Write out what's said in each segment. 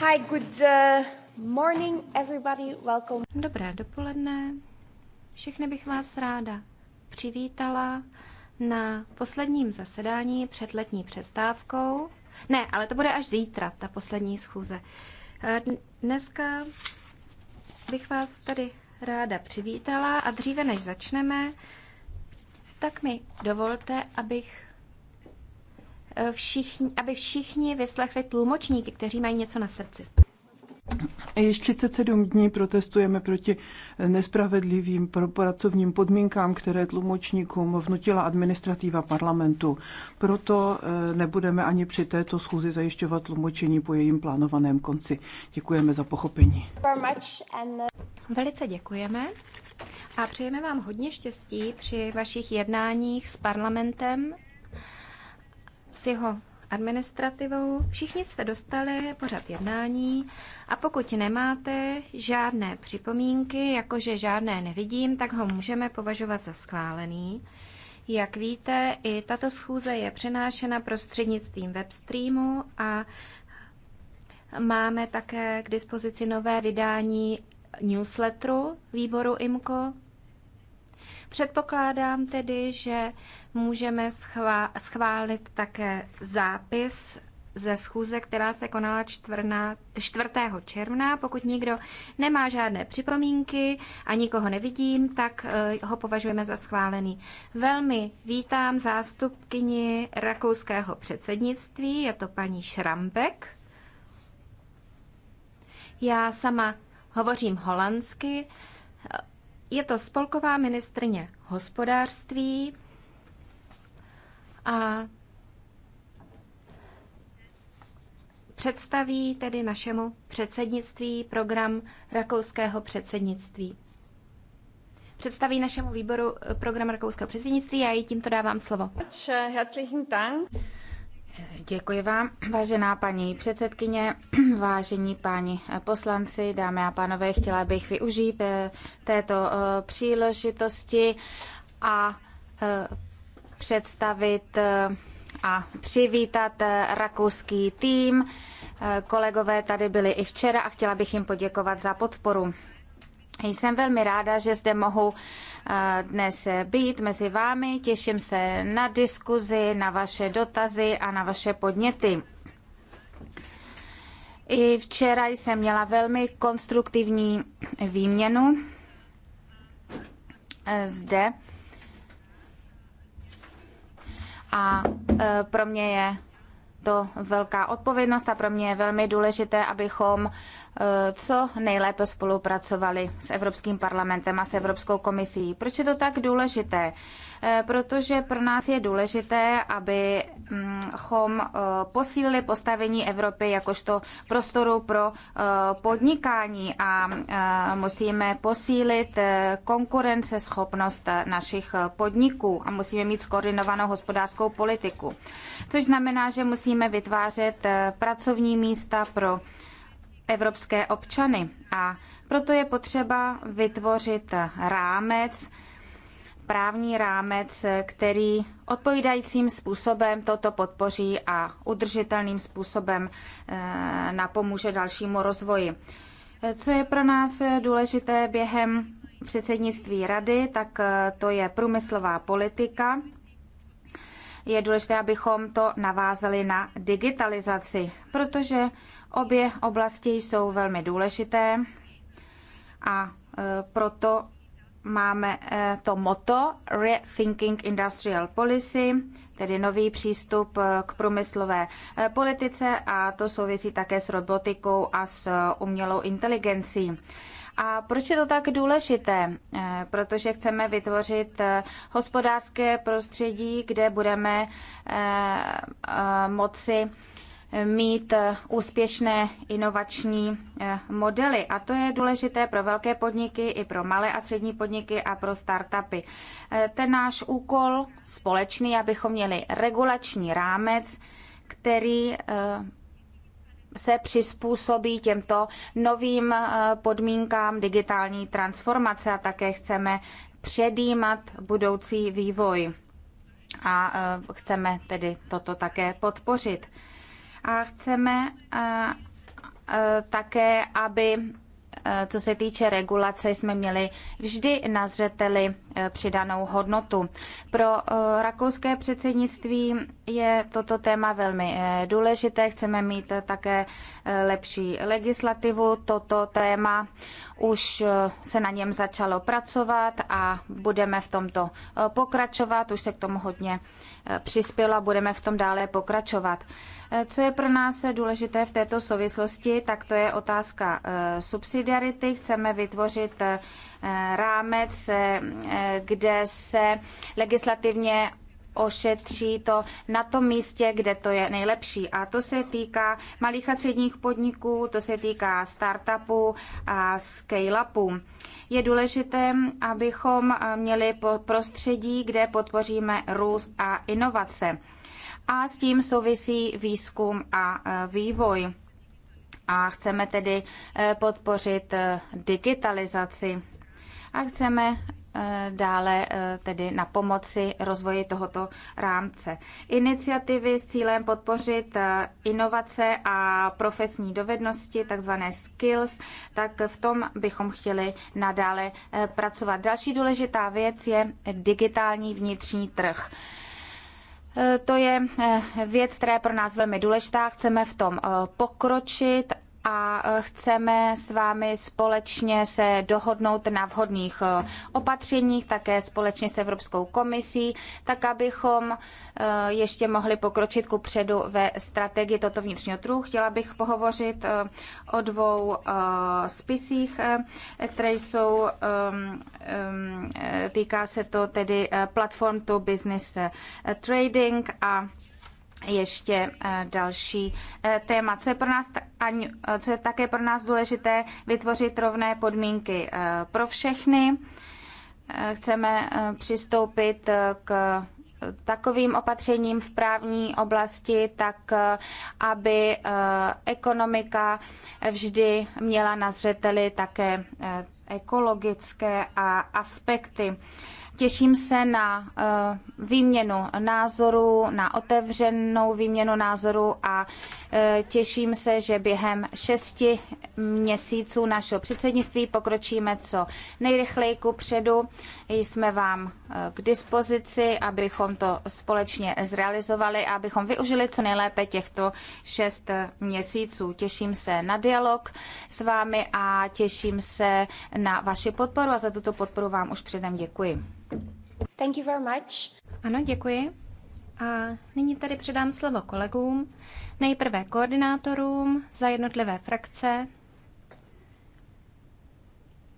Hi, good uh, morning, everybody. Welcome. Dobré dopoledne. Všechny bych vás ráda přivítala na posledním zasedání před letní přestávkou. Ne, ale to bude až zítra, ta poslední schůze. Eh, dneska bych vás tady ráda přivítala a dříve než začneme, tak mi dovolte, abych všichni, aby všichni vyslechli tlumočníky, kteří mají něco na srdci. Již 37 dní protestujeme proti nespravedlivým pracovním podmínkám, které tlumočníkům vnutila administrativa parlamentu. Proto e, nebudeme ani při této schůzi zajišťovat tlumočení po jejím plánovaném konci. Děkujeme za pochopení. Velice děkujeme a přejeme vám hodně štěstí při vašich jednáních s parlamentem s jeho administrativou. Všichni jste dostali pořad jednání a pokud nemáte žádné připomínky, jakože žádné nevidím, tak ho můžeme považovat za schválený. Jak víte, i tato schůze je přenášena prostřednictvím webstreamu a máme také k dispozici nové vydání newsletteru výboru IMCO, Předpokládám tedy, že můžeme schválit také zápis ze schůze, která se konala 4. června. Pokud nikdo nemá žádné připomínky a nikoho nevidím, tak eh, ho považujeme za schválený. Velmi vítám zástupkyni rakouského předsednictví, je to paní Šrambek. Já sama hovořím holandsky. Je to spolková ministrně hospodářství a představí tedy našemu předsednictví program rakouského předsednictví. Představí našemu výboru program rakouského předsednictví a já jí tímto dávám slovo. Herzlichen Dank. Děkuji vám, vážená paní předsedkyně, vážení páni poslanci, dámy a pánové, chtěla bych využít eh, této eh, příležitosti a eh, představit a přivítat rakouský tým. Kolegové tady byli i včera a chtěla bych jim poděkovat za podporu. Jsem velmi ráda, že zde mohu eh, dnes být mezi vámi. Těším se na diskuzi, na vaše dotazy a na vaše podněty. I včera jsem měla velmi konstruktivní výměnu eh, zde. A eh, pro mě je to velká odpovědnost a pro mě je velmi důležité, abychom eh, co nejlépe spolupracovali s Evropským parlamentem a s Evropskou komisí. Proč je to tak důležité? Eh, protože pro nás je důležité, abychom mm, eh, posílili postavení Evropy jakožto prostoru pro eh, podnikání a musíme posílit konkurenceschopnost našich podniků a musíme mít skoordinovanou hospodářskou politiku, což znamená, že musíme vytvářet pracovní místa pro evropské občany. A proto je potřeba vytvořit rámec, právní rámec, který odpovídajícím způsobem toto podpoří a udržitelným způsobem eh, napomůže dalšímu rozvoji. Co je pro nás důležité během předsednictví rady, tak eh, to je průmyslová politika. Je důležité, abychom to navázali na digitalizaci, protože obě oblasti jsou velmi důležité a eh, proto máme eh, to moto Rethinking Industrial Policy, tedy nový přístup eh, k průmyslové eh, politice a to souvisí také s robotikou a s umělou inteligencí. A proč je to tak důležité? Protože chceme vytvořit hospodářské prostředí, kde budeme moci mít eh, úspěšné inovační eh, modely. A to je důležité pro velké podniky, i pro malé a střední podniky a pro startupy. Eh, ten náš úkol společný, abychom měli regulační rámec, který se přizpůsobí těmto novým podmínkám digitální transformace a také chceme předjímat budoucí vývoj. A chceme tedy toto také podpořit. A chceme eh, eh, také, aby eh, co se týče regulace, jsme měli vždy na zřeteli přidanou hodnotu. Pro rakouské předsednictví je toto téma velmi důležité. Chceme mít také lepší legislativu. Toto téma už se na něm začalo pracovat a budeme v tomto pokračovat. Už se k tomu hodně přispělo a budeme v tom dále pokračovat. Co je pro nás důležité v této souvislosti, tak to je otázka eh, subsidiarity. Chceme vytvořit eh, rámec, eh, kde se legislativně ošetří to na tom místě, kde to je nejlepší. A to se týká malých a středních podniků, to se týká startupů a scale-upů. Je důležité, abychom měli prostředí, kde podpoříme růst a inovace a s tím souvisí výzkum a e, vývoj. A chceme tedy e, podpořit e, digitalizaci a chceme dále tedy na pomoci rozvoji tohoto rámce. Iniciativy s cílem podpořit inovace a profesní dovednosti, takzvané skills, tak v tom bychom chtěli nadále pracovat. Další důležitá věc je digitální vnitřní trh. Eh, to je eh, věc, která je pro nás velmi důležitá, chceme v tom eh, pokročit a e, chceme s vámi společně se dohodnout na vhodných e, opatřeních, také společně s Evropskou komisí, tak abychom e, ještě mohli pokročit ku předu ve strategii toto vnitřního trhu. Chtěla bych pohovořit o dvou spisích, které jsou, týká se to tedy platform to business trading a ještě eh, další eh, téma. Co je, pro nás, co je také pro nás důležité, vytvořit rovné podmínky eh, pro všechny. Chceme přistoupit k takovým opatřením v právní oblasti, tak aby ekonomika vždy měla na zřeteli také ekologické a aspekty. Těším se na eh, výměnu názoru, na otevřenou výměnu názoru a eh, těším se, že během šesti měsíců našeho předsednictví pokročíme co nejrychleji ku předu. Jsme vám eh, k dispozici, abychom to společně zrealizovali a abychom využili co nejlépe těchto šest měsíců. Těším se na dialog s vámi a těším se na vaši podporu a za tuto podporu vám už předem děkuji. Thank you very much. Ano, děkuji. A nyní tady předám slovo kolegům, nejprve koordinátorům za jednotlivé frakce,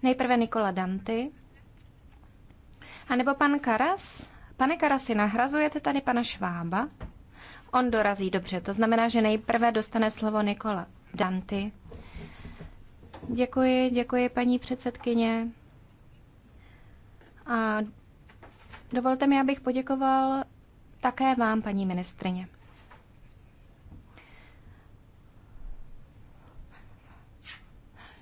nejprve Nikola Danty, anebo pan Karas. Pane Karasi, nahrazujete tady pana Švába? On dorazí dobře, to znamená, že nejprve dostane slovo Nikola Danty. Děkuji, děkuji paní předsedkyně. A Dovolte mi, abych poděkoval také vám, paní ministrině.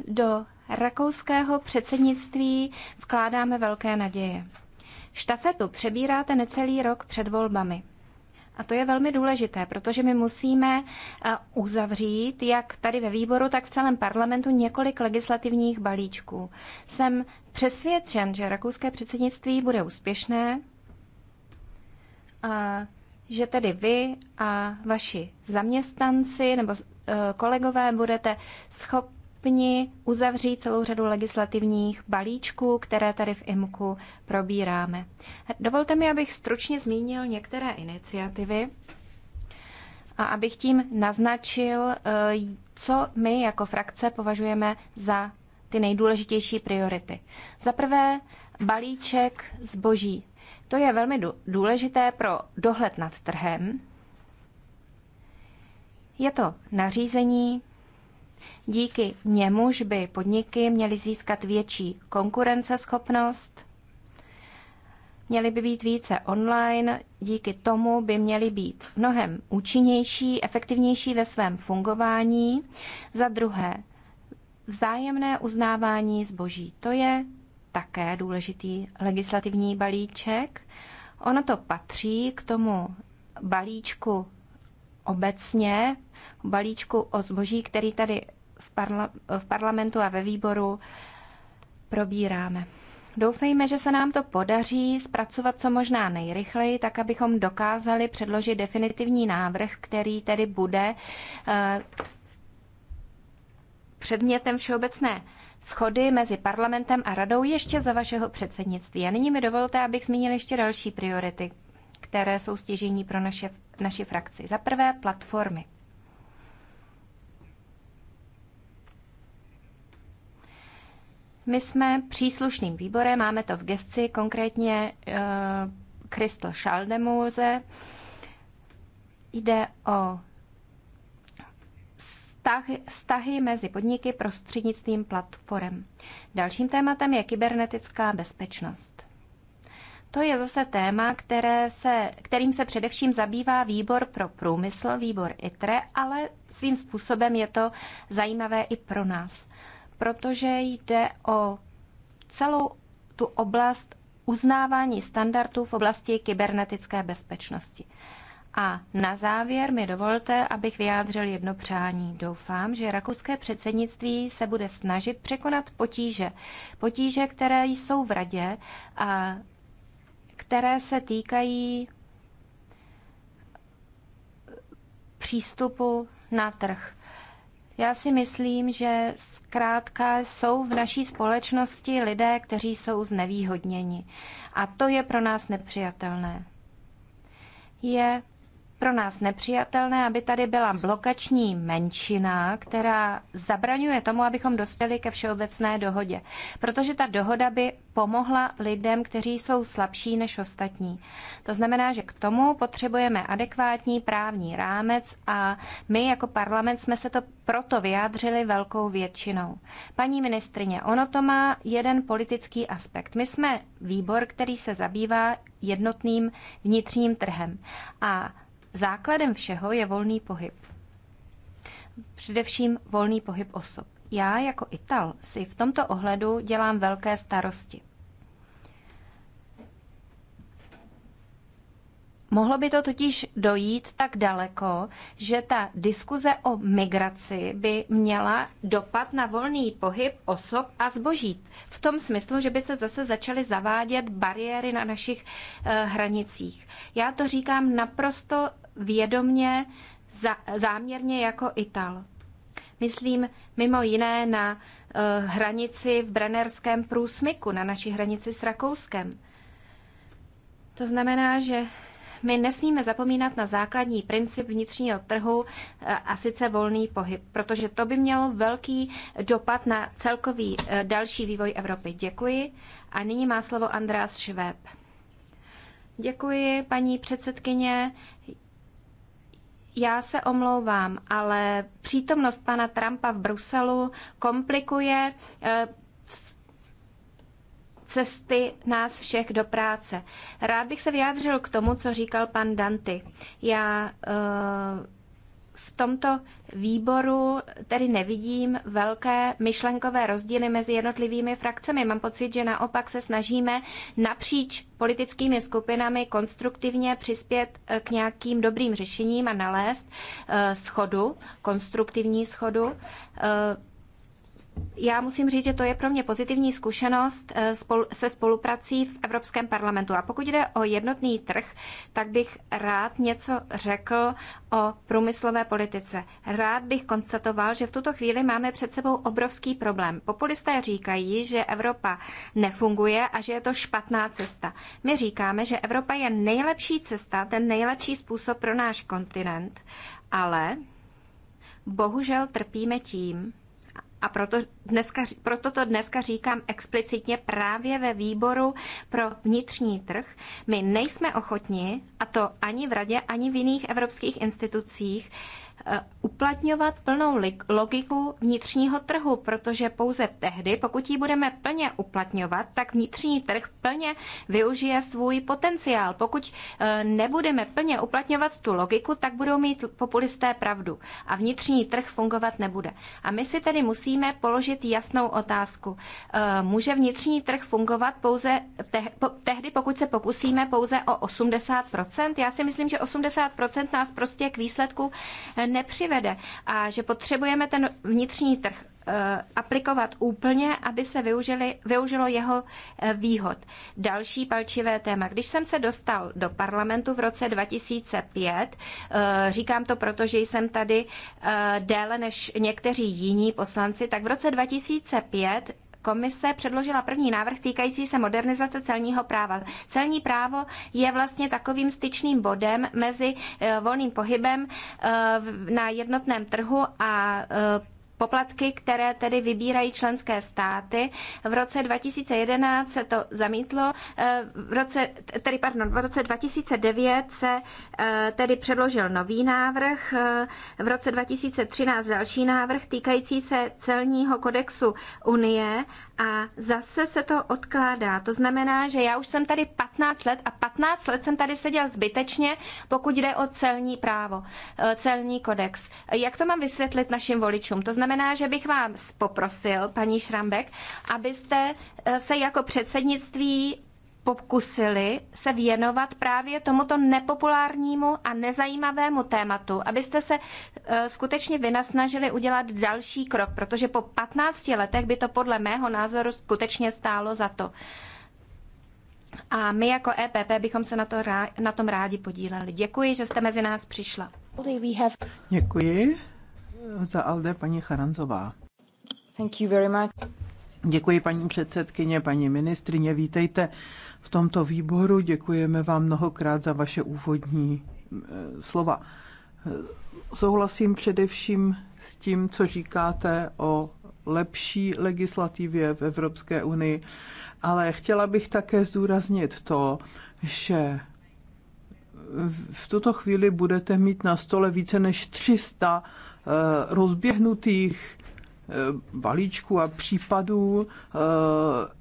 Do rakouského předsednictví vkládáme velké naděje. Štafetu přebíráte necelý rok před volbami. A to je velmi důležité, protože my musíme eh, uzavřít, jak tady ve výboru, tak v celém parlamentu, několik legislativních balíčků. Jsem přesvědčen, že rakouské předsednictví bude úspěšné a že tedy vy a vaši zaměstnanci nebo eh, kolegové budete schopni schopni uzavřít celou řadu legislativních balíčků, které tady v IMKU probíráme. Dovolte mi, abych stručně zmínil některé iniciativy a abych tím naznačil, eh, co my jako frakce považujeme za ty nejdůležitější priority. Za prvé balíček zboží. To je velmi důležité pro dohled nad trhem. Je to nařízení, Díky němuž by podniky měly získat větší konkurenceschopnost, měly by být více online, díky tomu by měly být mnohem účinnější, efektivnější ve svém fungování. Za druhé, vzájemné uznávání zboží. To je také důležitý legislativní balíček. Ono to patří k tomu balíčku obecně, balíčku o zboží, který tady v, parla- v parlamentu a ve výboru probíráme. Doufejme, že se nám to podaří zpracovat co možná nejrychleji, tak abychom dokázali předložit definitivní návrh, který tedy bude eh, předmětem všeobecné schody mezi parlamentem a radou ještě za vašeho předsednictví. A nyní mi dovolte, abych zmínil ještě další priority, které jsou stěžení pro naše, naši frakci. Za prvé platformy. My jsme příslušným výborem, máme to v gesci, konkrétně eh, Crystal Schaldemuse. Jde o vztahy mezi podniky prostřednictvím platform. Dalším tématem je kybernetická bezpečnost. To je zase téma, které se, kterým se především zabývá výbor pro průmysl, výbor ITRE, ale svým způsobem je to zajímavé i pro nás protože jde o celou tu oblast uznávání standardů v oblasti kybernetické bezpečnosti. A na závěr mi dovolte, abych vyjádřil jedno přání. Doufám, že rakouské předsednictví se bude snažit překonat potíže. Potíže, které jsou v radě a které se týkají přístupu na trh. Já si myslím, že zkrátka jsou v naší společnosti lidé, kteří jsou znevýhodněni. A to je pro nás nepřijatelné. Je pro nás nepřijatelné, aby tady byla blokační menšina, která zabraňuje tomu, abychom dospěli ke všeobecné dohodě. Protože ta dohoda by pomohla lidem, kteří jsou slabší než ostatní. To znamená, že k tomu potřebujeme adekvátní právní rámec a my jako parlament jsme se to proto vyjádřili velkou většinou. Paní ministrině, ono to má jeden politický aspekt. My jsme výbor, který se zabývá jednotným vnitřním trhem. A základem všeho je volný pohyb. Především volný pohyb osob. Já jako Ital si v tomto ohledu dělám velké starosti. Mohlo by to totiž dojít tak daleko, že ta diskuze o migraci by měla dopad na volný pohyb osob a zboží. V tom smyslu, že by se zase začaly zavádět bariéry na našich eh, hranicích. Já to říkám naprosto vědomně, záměrně jako Ital. Myslím mimo jiné na eh, hranici v Brennerském průsmyku, na naší hranici s Rakouskem. To znamená, že my nesmíme zapomínat na základní princip vnitřního trhu eh, a sice volný pohyb, protože to by mělo velký dopad na celkový eh, další vývoj Evropy. Děkuji. A nyní má slovo András Šveb. Děkuji, paní předsedkyně. Já se omlouvám, ale přítomnost pana Trumpa v Bruselu komplikuje eh, cesty nás všech do práce. Rád bych se vyjádřil k tomu, co říkal pan Danty. Já eh, v tomto výboru tedy nevidím velké myšlenkové rozdíly mezi jednotlivými frakcemi. Mám pocit, že naopak se snažíme napříč politickými skupinami konstruktivně přispět eh, k nějakým dobrým řešením a nalézt eh, schodu, konstruktivní schodu já musím říct, že to je pro mě pozitivní zkušenost eh, se spoluprací v Evropském parlamentu. A pokud jde o jednotný trh, tak bych rád něco řekl o průmyslové politice. Rád bych konstatoval, že v tuto chvíli máme před sebou obrovský problém. Populisté říkají, že Evropa nefunguje a že je to špatná cesta. My říkáme, že Evropa je nejlepší cesta, ten nejlepší způsob pro náš kontinent, ale bohužel trpíme tím, a proto, dneska, proto to dneska říkám explicitně právě ve výboru pro vnitřní trh. My nejsme ochotni, a to ani v Radě, ani v jiných evropských institucích, Eh, uplatňovat plnou logiku vnitřního trhu, protože pouze tehdy, pokud ji budeme plně uplatňovat, tak vnitřní trh plně využije svůj potenciál. Pokud eh, nebudeme plně uplatňovat tu logiku, tak budou mít populisté pravdu a vnitřní trh fungovat nebude. A my si tedy musíme položit jasnou otázku. Eh, může vnitřní trh fungovat pouze tehdy, pokud se pokusíme pouze o 80%? Já si myslím, že 80% nás prostě k výsledku nepřivede a že potřebujeme ten vnitřní trh eh, aplikovat úplně, aby se využili, využilo jeho eh, výhod. Další palčivé téma. Když jsem se dostal do parlamentu v roce 2005, eh, říkám to proto, že jsem tady déle než někteří jiní poslanci, tak v roce 2005 komise předložila první návrh týkající se modernizace celního práva. Celní právo je vlastně takovým styčným bodem mezi eh, volným pohybem eh, na jednotném trhu a eh, poplatky, které tedy vybírají členské státy. V roce 2011 se to zamítlo, eh, v roce, tedy pardon, v roce 2009 se eh, tedy předložil nový návrh, eh, v roce 2013 další návrh týkající se celního kodexu Unie a zase se to odkládá. To znamená, že já už jsem tady 15 let a 15 let jsem tady seděl zbytečně, pokud jde o celní právo, celní kodex. Jak to mám vysvětlit našim voličům? To znamená, znamená, že bych vám poprosil, paní Šrambek, abyste eh, se jako předsednictví pokusili se věnovat právě tomuto nepopulárnímu a nezajímavému tématu, abyste se eh, skutečně vynasnažili udělat další krok, protože po 15 letech by to podle mého názoru skutečně stálo za to. A my jako EPP bychom se na, to rá, na tom rádi podíleli. Děkuji, že jste mezi nás přišla. Děkuji za ALDE paní Charanzová. Thank you very much. Děkuji paní předsedkyně, paní ministrině, vítejte v tomto výboru. Děkujeme vám mnohokrát za vaše úvodní eh, slova. Souhlasím především s tím, co říkáte o lepší legislativě v Evropské unii, ale chtěla bych také zdůraznit to, že v tuto chvíli budete mít na stole více než 300 Eh, rozběhnutých Eh, balíčků a případů eh,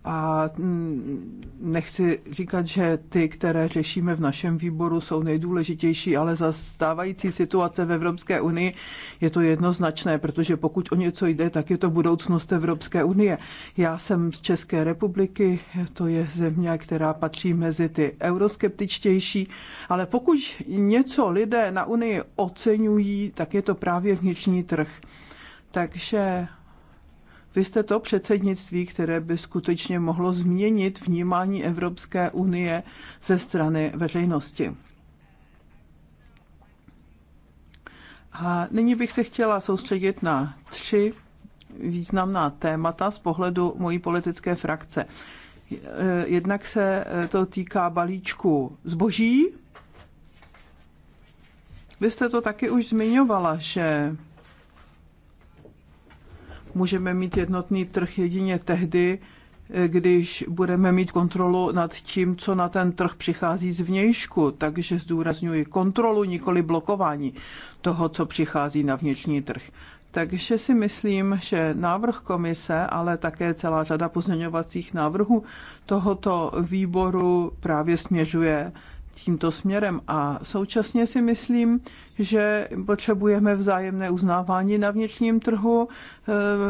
a mm, nechci říkat, že ty, které řešíme v našem výboru, jsou nejdůležitější, ale za stávající situace v Evropské unii je to jednoznačné, protože pokud o něco jde, tak je to budoucnost Evropské unie. Já jsem z České republiky, to je země, která patří mezi ty euroskeptičtější, ale pokud něco lidé na Unii oceňují, tak je to právě vnitřní trh. Takže vy jste to předsednictví, které by skutečně mohlo změnit vnímání Evropské unie ze strany veřejnosti. A nyní bych se chtěla soustředit na tři významná témata z pohledu mojí politické frakce. Jednak se to týká balíčku zboží. Vy jste to taky už zmiňovala, že můžeme mít jednotný trh jedině tehdy, eh, když budeme mít kontrolu nad tím, co na ten trh přichází z vnějšku. Takže zdůrazňuji kontrolu, nikoli blokování toho, co přichází na vnitřní trh. Takže si myslím, že návrh komise, ale také celá řada pozměňovacích návrhů tohoto výboru právě směřuje tímto směrem. A současně si myslím, že potřebujeme vzájemné uznávání na vnitřním trhu,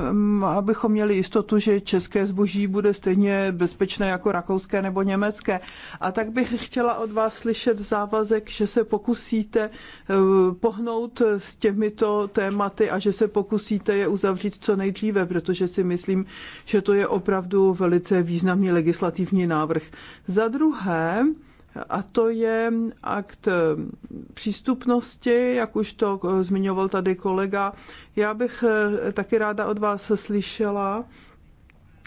ehm, abychom měli jistotu, že české zboží bude stejně bezpečné jako rakouské nebo německé. A tak bych chtěla od vás slyšet závazek, že se pokusíte eh, pohnout s těmito tématy a že se pokusíte je uzavřít co nejdříve, protože si myslím, že to je opravdu velice významný legislativní návrh. Za druhé, a to je akt eh, přístupnosti, jak už to eh, zmiňoval tady kolega. Já bych eh, taky ráda od vás slyšela,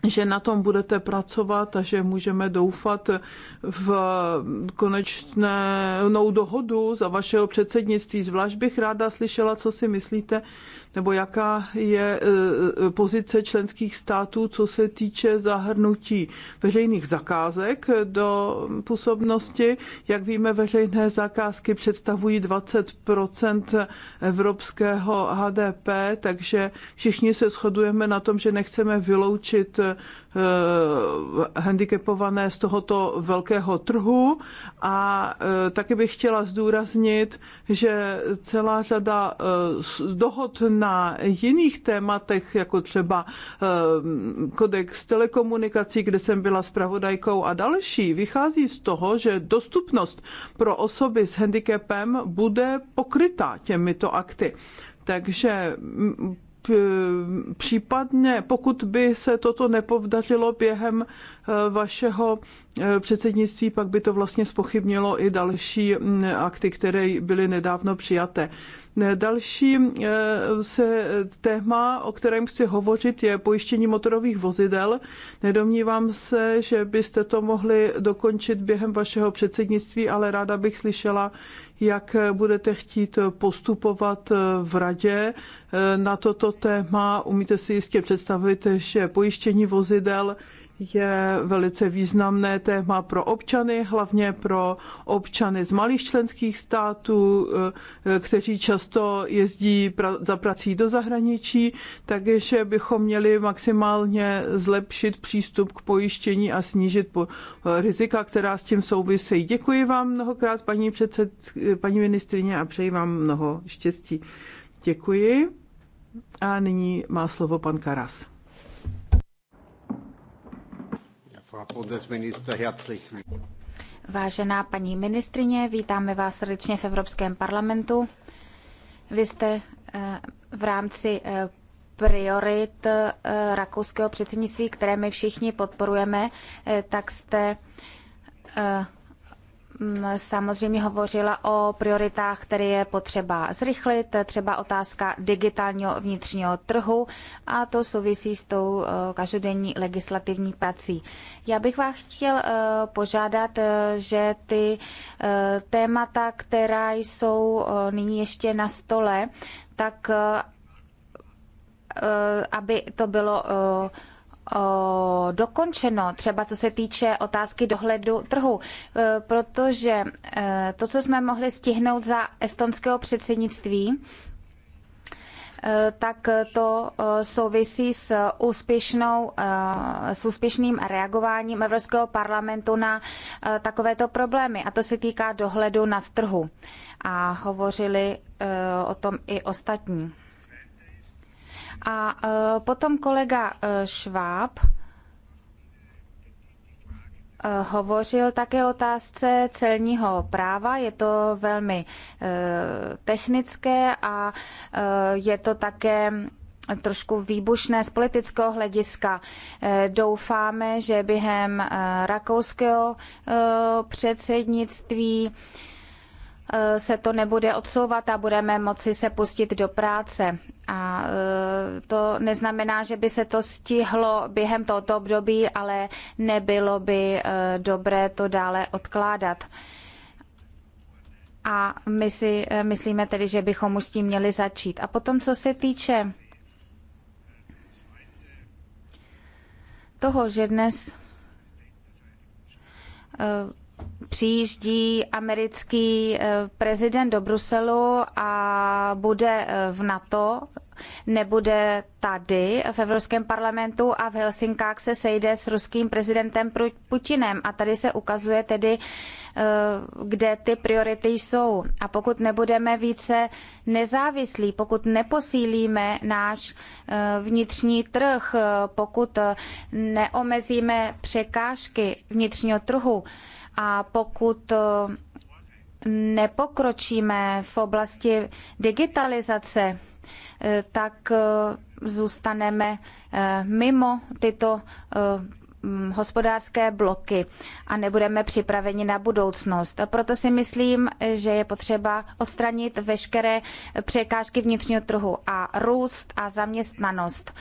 že na tom budete pracovat a že můžeme doufat v konečnou dohodu za vašeho předsednictví. Zvlášť bych ráda slyšela, co si myslíte nebo jaká je e, e, pozice členských států, co se týče zahrnutí veřejných zakázek do působnosti. Jak víme, veřejné zakázky představují 20 evropského HDP, takže všichni se shodujeme na tom, že nechceme vyloučit Eh, handicapované z tohoto velkého trhu a eh, taky bych chtěla zdůraznit, že celá řada eh, dohod na jiných tématech, jako třeba kodex telekomunikací, kde jsem byla zpravodajkou a další, vychází z toho, že dostupnost pro osoby s handicapem bude pokrytá těmito akty. Takže případně, pokud by se toto nepovdařilo během e, vašeho e, předsednictví, pak by to vlastně spochybnilo i další akty, které byly nedávno přijaté. E, další se téma, o kterém chci hovořit, je pojištění motorových vozidel. Nedomnívám se, že byste to mohli dokončit během vašeho předsednictví, ale ráda bych slyšela, jak budete chtít postupovat v radě eh, na toto téma. Umíte si jistě představit, že pojištění vozidel je velice významné téma pro občany, hlavně pro občany z malých členských států, eh, kteří často jezdí za prací do zahraničí, takže bychom měli maximálně zlepšit přístup k pojištění a snížit eh, rizika, která s tím souvisejí. Děkuji vám mnohokrát, paní, předsed, paní ministrině, a přeji vám mnoho štěstí. Děkuji. A nyní má slovo pan Karas. Vážená paní ministrině, vítáme vás srdečně v Evropském parlamentu. Vy jste eh, v rámci eh, priorit eh, rakouského předsednictví, které my všichni podporujeme, tak jste Mm, samozřejmě hovořila o prioritách, které je potřeba zrychlit, třeba otázka digitálního vnitřního trhu a to souvisí s tou eh, každodenní legislativní prací. Já bych vás chtěl eh, požádat, eh, že ty témata, která jsou nyní ještě na stole, tak aby to bylo dokončeno, třeba co se týče otázky dohledu trhu, e, protože e, to, co jsme mohli stihnout za estonského předsednictví, e, tak to souvisí s, úspěšnou, s úspěšným reagováním Evropského parlamentu na takovéto problémy. A to se týká dohledu nad trhu. A hovořili o tom i ostatní. A e, potom kolega e, Šváb e, hovořil také o otázce celního práva. Je to velmi technické a je to také trošku výbušné z politického hlediska. Doufáme, že během rakouského předsednictví Eh, se to nebude odsouvat a budeme moci se pustit do práce. A eh, to neznamená, že by se to stihlo během tohoto období, ale nebylo by eh, dobré to dále odkládat. A my si myslíme tedy, že bychom už s tím měli začít. A potom, co se týče toho, že dnes přijíždí americký eh, prezident do Bruselu a bude eh, v NATO, nebude tady v Evropském parlamentu a v Helsinkách se sejde s ruským prezidentem Putinem. A tady se ukazuje tedy, eh, kde ty priority jsou. A pokud nebudeme více nezávislí, pokud neposílíme náš vnitřní trh, pokud neomezíme překážky vnitřního trhu, a pokud eh, nepokročíme v oblasti digitalizace, eh, tak eh, zůstaneme mimo tyto hospodářské bloky a nebudeme připraveni na budoucnost. Proto si myslím, že je potřeba odstranit veškeré překážky vnitřního trhu a růst a zaměstnanost.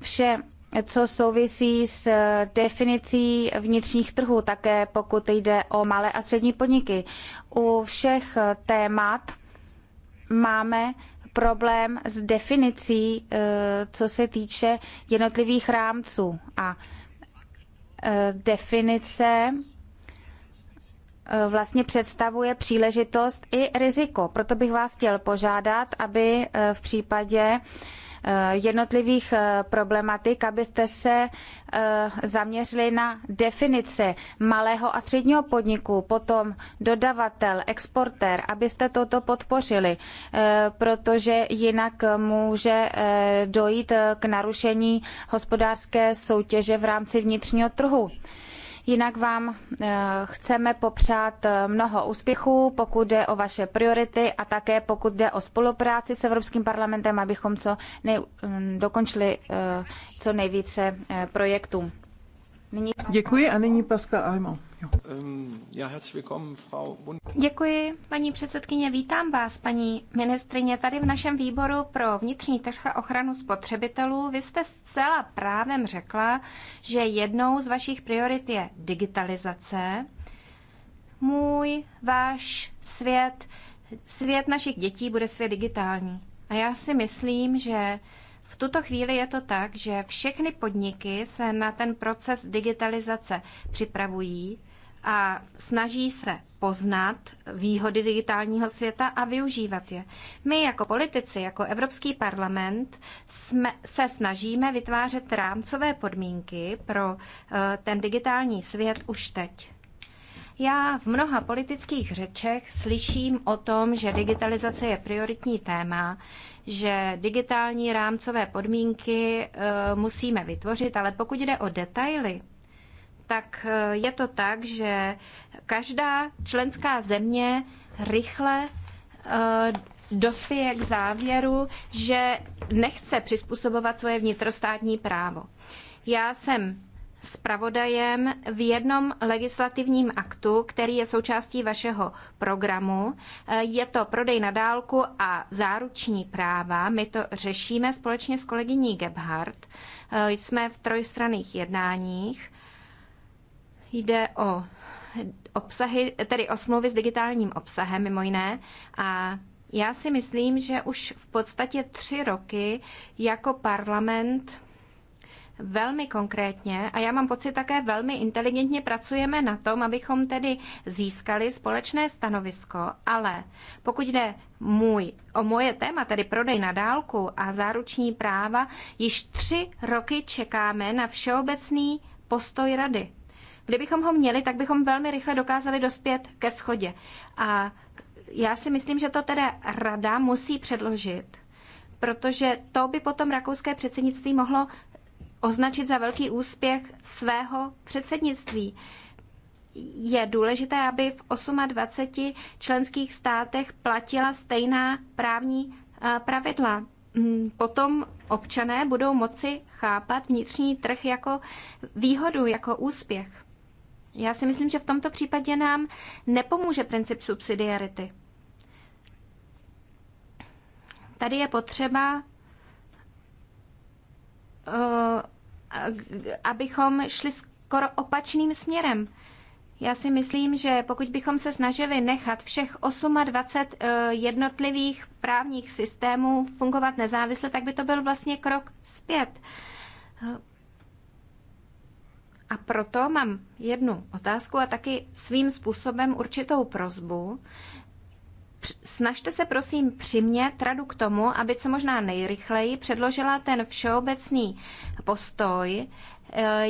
Vše co souvisí s eh, definicí vnitřních trhů, také pokud jde o malé a střední podniky. U všech eh, témat máme problém s definicí, eh, co se týče jednotlivých rámců a definice vlastně představuje příležitost i riziko. Proto bych vás chtěl požádat, aby v případě Eh, jednotlivých eh, problematik, abyste se eh, zaměřili na definice malého a středního podniku, potom dodavatel, exportér, abyste toto podpořili, protože jinak může dojít k narušení hospodářské soutěže v rámci vnitřního trhu. Jinak vám eh, chceme popřát eh, mnoho úspěchů, pokud jde o vaše priority a také pokud jde o spolupráci s Evropským parlamentem, abychom co nej, mm, dokončili eh, co nejvíce projektů. Nyní... Děkuji a nyní Pascal Aimo. Ehm, Děkuji, paní předsedkyně. Vítám vás, paní ministrině, tady v našem výboru pro vnitřní trh a ochranu spotřebitelů. Vy jste zcela právem řekla, že jednou z vašich priorit je digitalizace. Můj, váš svět, svět našich dětí bude svět digitální. A já si myslím, že v tuto chvíli je to tak, že všechny podniky se na ten proces digitalizace připravují a snaží se poznat výhody digitálního světa a využívat je. My jako politici, jako Evropský parlament jsme, se snažíme vytvářet rámcové podmínky pro eh, ten digitální svět už teď. Já v mnoha politických řečech slyším o tom, že digitalizace je prioritní téma, že digitální rámcové podmínky eh, musíme vytvořit, ale pokud jde o detaily, tak eh, je to tak, že každá členská země rychle eh, dospěje k závěru, že nechce přizpůsobovat svoje vnitrostátní právo. Já jsem zpravodajem v jednom legislativním aktu, který je součástí vašeho programu. Eh, je to prodej na dálku a záruční práva. My to řešíme společně s kolegyní Gebhardt. Jsme v trojstranných jednáních jde o obsahy, tedy o smlouvy s digitálním obsahem mimo jiné a já si myslím, že už v podstatě tři roky jako parlament velmi konkrétně a já mám pocit také velmi inteligentně pracujeme na tom, abychom tedy získali společné stanovisko, ale pokud jde můj, o moje téma, tedy prodej na dálku a záruční práva, již tři roky čekáme na všeobecný postoj rady. Kdybychom ho měli, tak bychom velmi rychle dokázali dospět ke schodě. A já si myslím, že to teda rada musí předložit, protože to by potom rakouské předsednictví mohlo označit za velký úspěch svého předsednictví. Je důležité, aby v 28 členských státech platila stejná právní eh, pravidla. Mm, potom občané budou moci chápat vnitřní trh jako výhodu, jako úspěch. Já si myslím, že v tomto případě nám nepomůže princip subsidiarity. Tady je potřeba, eh, abychom šli skoro opačným směrem. Já si myslím, že pokud bychom se snažili nechat všech 28 eh, jednotlivých právních systémů fungovat nezávisle, tak by to byl vlastně krok zpět. A proto mám jednu otázku a taky svým způsobem určitou prozbu. Snažte se prosím přimět radu k tomu, aby co možná nejrychleji předložila ten všeobecný postoj. E,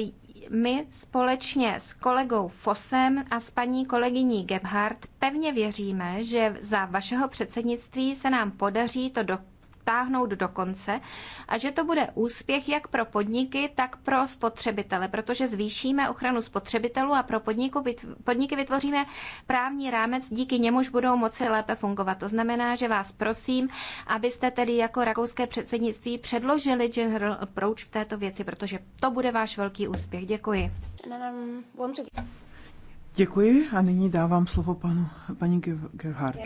my společně s kolegou Fosem a s paní kolegyní Gebhardt pevně věříme, že za vašeho předsednictví se nám podaří to dokončit dotáhnout do konce a že to bude úspěch jak pro podniky, tak pro spotřebitele, protože zvýšíme ochranu spotřebitelů a pro podniky vytvoříme právní rámec, díky němuž budou moci lépe fungovat. To znamená, že vás prosím, abyste tedy jako rakouské předsednictví předložili general approach v této věci, protože to bude váš velký úspěch. Děkuji. Děkuji a nyní dávám slovo panu, paní Gerhard.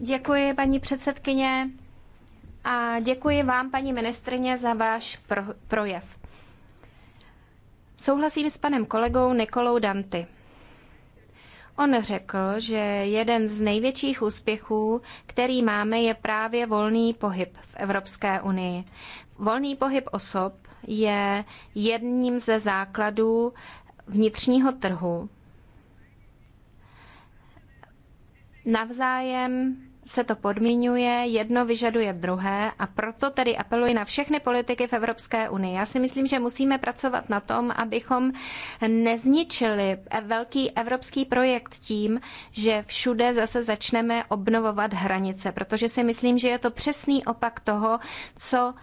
Děkuji, paní předsedkyně a děkuji vám, paní ministrině, za váš projev. Souhlasím s panem kolegou Nikolou Danty. On řekl, že jeden z největších úspěchů, který máme, je právě volný pohyb v Evropské unii. Volný pohyb osob je jedním ze základů vnitřního trhu. Navzájem se to podmiňuje, jedno vyžaduje druhé a proto tedy apeluji na všechny politiky v Evropské unii. Já si myslím, že musíme pracovat na tom, abychom nezničili velký evropský projekt tím, že všude zase začneme obnovovat hranice, protože si myslím, že je to přesný opak toho, co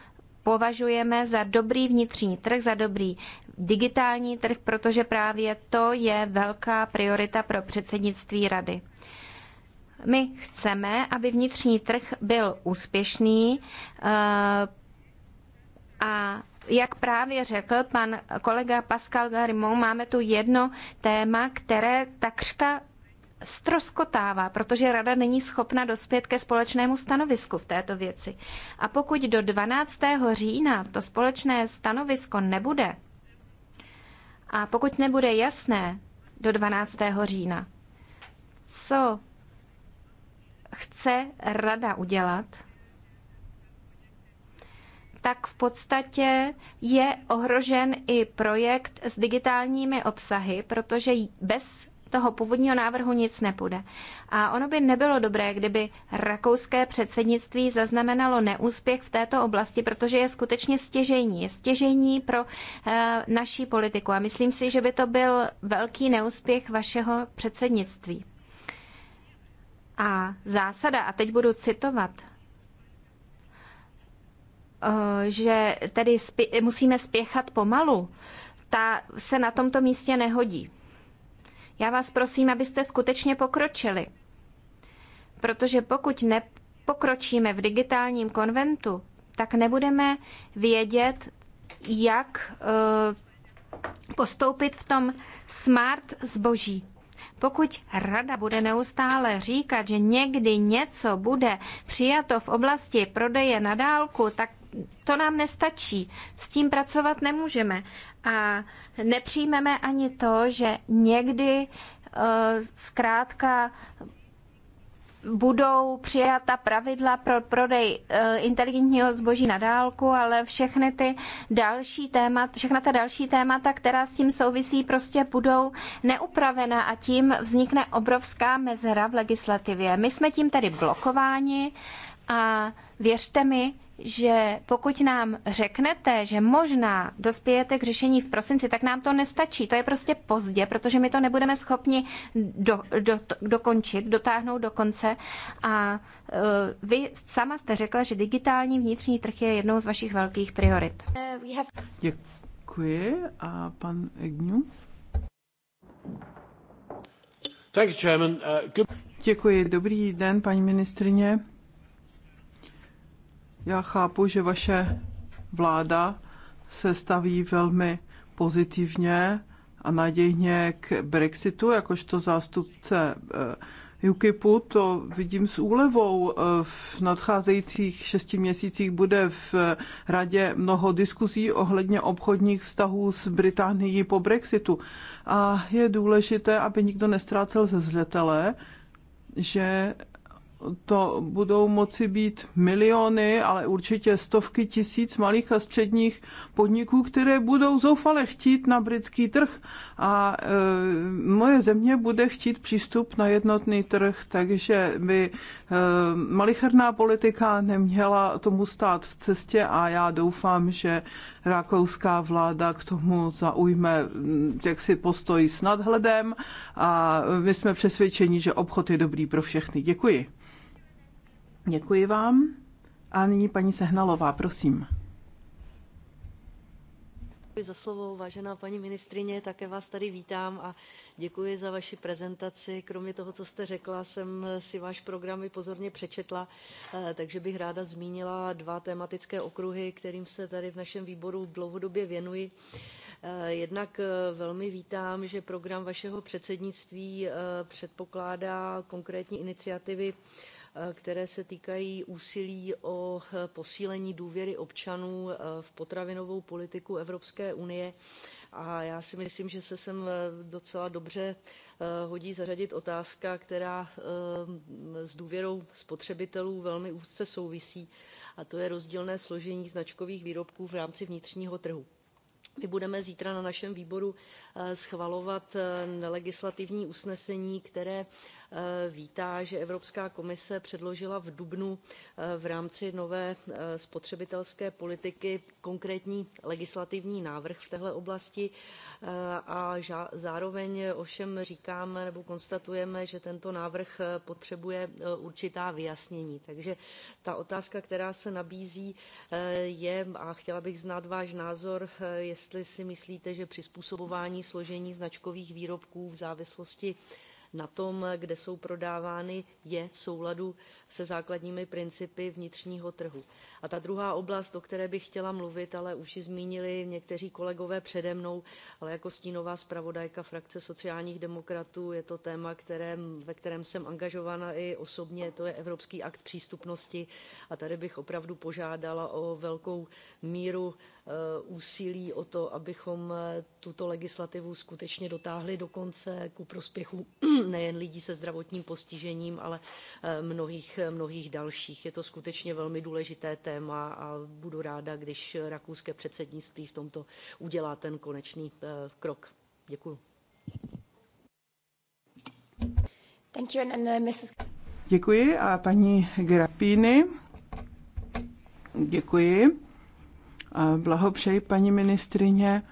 považujeme za dobrý vnitřní trh, za dobrý digitální trh, protože právě to je velká priorita pro předsednictví rady. My chceme, aby vnitřní trh byl úspěšný eh, a jak právě řekl pan kolega Pascal Garimont, máme tu jedno téma, které takřka stroskotává, protože rada není schopna dospět ke společnému stanovisku v této věci. A pokud do 12. října to společné stanovisko nebude, a pokud nebude jasné do 12. října, co chce rada udělat, tak v podstatě je ohrožen i projekt s digitálními obsahy, protože bez toho původního návrhu nic nepůjde. A ono by nebylo dobré, kdyby rakouské předsednictví zaznamenalo neúspěch v této oblasti, protože je skutečně stěžení. Je stěžení pro uh, naší politiku a myslím si, že by to byl velký neúspěch vašeho předsednictví. A zásada, a teď budu citovat, eh, že tedy spě- musíme spěchat pomalu, ta se na tomto místě nehodí. Já vás prosím, abyste skutečně pokročili, protože pokud nepokročíme v digitálním konventu, tak nebudeme vědět, jak eh, postoupit v tom smart zboží. Pokud rada bude neustále říkat, že někdy něco bude přijato v oblasti prodeje na dálku, tak to nám nestačí. S tím pracovat nemůžeme. A nepřijmeme ani to, že někdy eh, zkrátka budou přijata pravidla pro prodej eh, inteligentního zboží na dálku, ale všechny ty další témata, všechna ta další témata, která s tím souvisí, prostě budou neupravena a tím vznikne obrovská mezera v legislativě. My jsme tím tedy blokováni a věřte mi, že pokud nám řeknete, že možná dospějete k řešení v prosinci, tak nám to nestačí. To je prostě pozdě, protože my to nebudeme schopni do, do, dokončit, dotáhnout do konce. A uh, vy sama jste řekla, že digitální vnitřní trh je jednou z vašich velkých priorit. Děkuji. A pan Egnu? Uh, Děkuji. Dobrý den, paní ministrině. Já chápu, že vaše vláda se staví velmi pozitivně a nadějně k Brexitu, jakožto zástupce eh, UKIPu to vidím s úlevou. Eh, v nadcházejících šesti měsících bude v eh, radě mnoho diskuzí ohledně obchodních vztahů s Británií po Brexitu. A je důležité, aby nikdo nestrácel ze zřetele, že to budou moci být miliony, ale určitě stovky tisíc malých a středních podniků, které budou zoufale chtít na britský trh a e, moje země bude chtít přístup na jednotný trh, takže by e, malicherná politika neměla tomu stát v cestě a já doufám, že rakouská vláda k tomu zaujme mm, jaksi postoj s nadhledem a my jsme přesvědčeni, že obchod je dobrý pro všechny. Děkuji. Děkuji vám. A nyní paní Sehnalová, prosím. Děkuji za slovo, vážená paní ministrině, také vás tady vítám a děkuji za vaši prezentaci. Kromě toho, co jste řekla, jsem si váš program i pozorně přečetla, eh, takže bych ráda zmínila dva tematické okruhy, kterým se tady v našem výboru dlouhodobě věnuji. Eh, jednak eh, velmi vítám, že program vašeho předsednictví předpokládá konkrétní iniciativy Eh, které se týkají úsilí o eh, posílení důvěry občanů eh, v potravinovou politiku Evropské unie. A já si myslím, že se sem docela dobře hodí zařadit otázka, která s důvěrou spotřebitelů velmi úzce souvisí, a to je rozdílné složení značkových výrobků v rámci vnitřního trhu. My budeme zítra na našem výboru schvalovat legislativní usnesení, které Eh, vítá, že Evropská komise předložila v Dubnu eh, v rámci nové eh, spotřebitelské politiky konkrétní legislativní návrh v téhle oblasti a zároveň ovšem říkáme nebo konstatujeme, že tento návrh potřebuje určitá vyjasnění. Takže ta otázka, která se nabízí, je, a chtěla bych znát váš názor, jestli si myslíte, že přizpůsobování složení značkových výrobků v závislosti na tom, kde jsou prodávány, je v souladu se základními principy vnitřního trhu. A ta druhá oblast, o které bych chtěla mluvit, ale už ji zmínili někteří kolegové přede mnou, ale jako stínová zpravodajka frakce sociálních demokratů je to téma, kterém, ve kterém jsem angažována i osobně, to je Evropský akt přístupnosti a tady bych opravdu požádala o velkou míru eh, úsilí o to, abychom eh, tuto legislativu skutečně dotáhli do konce ku prospěchu nejen lidí se zdravotním postižením, ale eh, mnohých, eh, mnohých dalších. Je to skutečně velmi důležité téma a budu ráda, když rakouské předsednictví v tomto udělá ten konečný eh, krok. Děkuji. Thank you, and, uh, Mrs. Děkuji a paní Grapíny. Děkuji. blahopřeji paní ministrině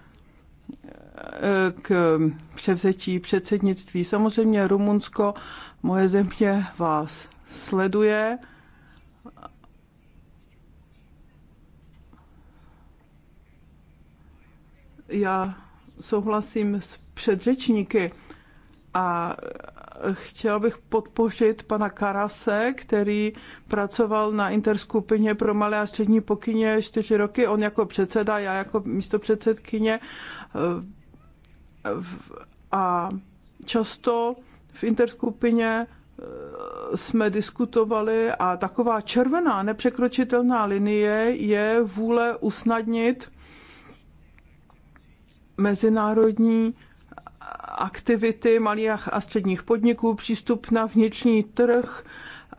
k převzetí předsednictví. Samozřejmě Rumunsko, moje země, vás sleduje. Já souhlasím s předřečníky a chtěl bych podpořit pana Karase, který pracoval na interskupině pro malé a střední pokyně čtyři roky. On jako předseda, já jako místo předsedkyně a často v interskupině eh, jsme diskutovali a taková červená nepřekročitelná linie je vůle usnadnit mezinárodní aktivity malých a středních podniků, přístup na vnitřní trh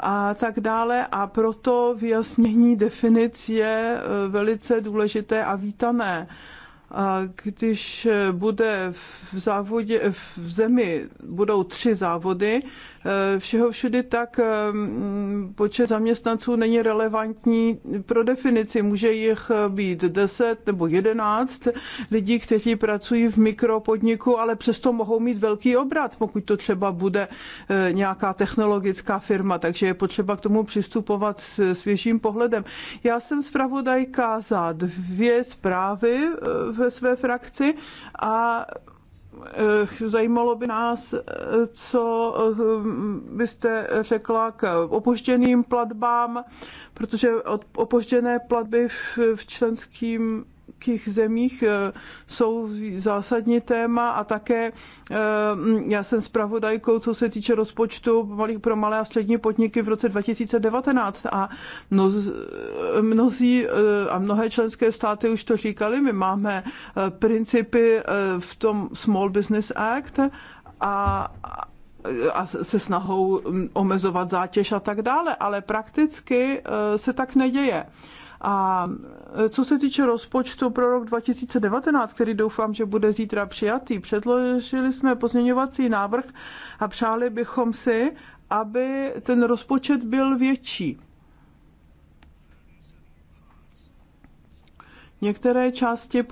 a tak dále. A proto vyjasnění definic je eh, velice důležité a vítané. A když bude v, závodě, v zemi budou tři závody, eh, všeho všudy, tak eh, mm, počet zaměstnanců není relevantní pro definici. Může jich eh, být 10 nebo 11 lidí, kteří pracují v mikropodniku, ale přesto mohou mít velký obrat, pokud to třeba bude nějaká technologická firma. Takže je potřeba k tomu přistupovat s svěžím pohledem. Já jsem zpravodajka za dvě zprávy v ve své frakci a eh, Zajímalo by nás, eh, co eh, byste řekla k opožděným platbám, protože opožděné platby v, v členským těch zemích eh, jsou zásadní téma a také eh, mm, já jsem zpravodajkou, co se týče rozpočtu pro malé a střední podniky v roce 2019 a eh, mnozí a mnohé členské státy už to říkali, my máme principy v tom Small Business Act a, a se snahou mm, omezovat zátěž a tak dále, ale prakticky se tak neděje. A co se týče rozpočtu pro rok 2019, který doufám, že bude zítra přijatý, předložili jsme pozměňovací návrh a přáli bychom si, aby ten rozpočet byl větší. Některé části,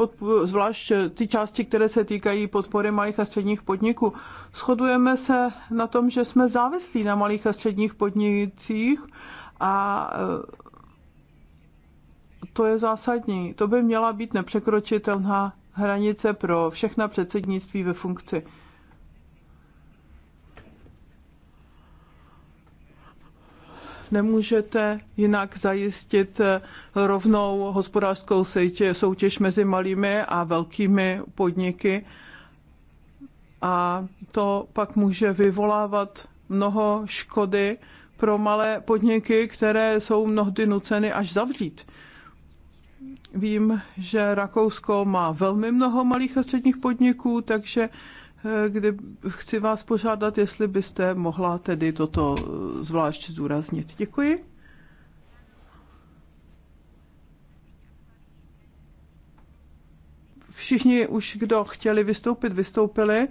zvlášť ty části, které se týkají podpory malých a středních podniků, shodujeme se na tom, že jsme závislí na malých a středních podnicích a to je zásadní. To by měla být nepřekročitelná hranice pro všechna předsednictví ve funkci. nemůžete jinak zajistit rovnou hospodářskou soutěž mezi malými a velkými podniky. A to pak může vyvolávat mnoho škody pro malé podniky, které jsou mnohdy nuceny až zavřít. Vím, že Rakousko má velmi mnoho malých a středních podniků, takže eh, kdy chci vás požádat, jestli byste mohla tedy toto eh, zvlášť zdůraznit. Děkuji. Všichni už, kdo chtěli vystoupit, vystoupili.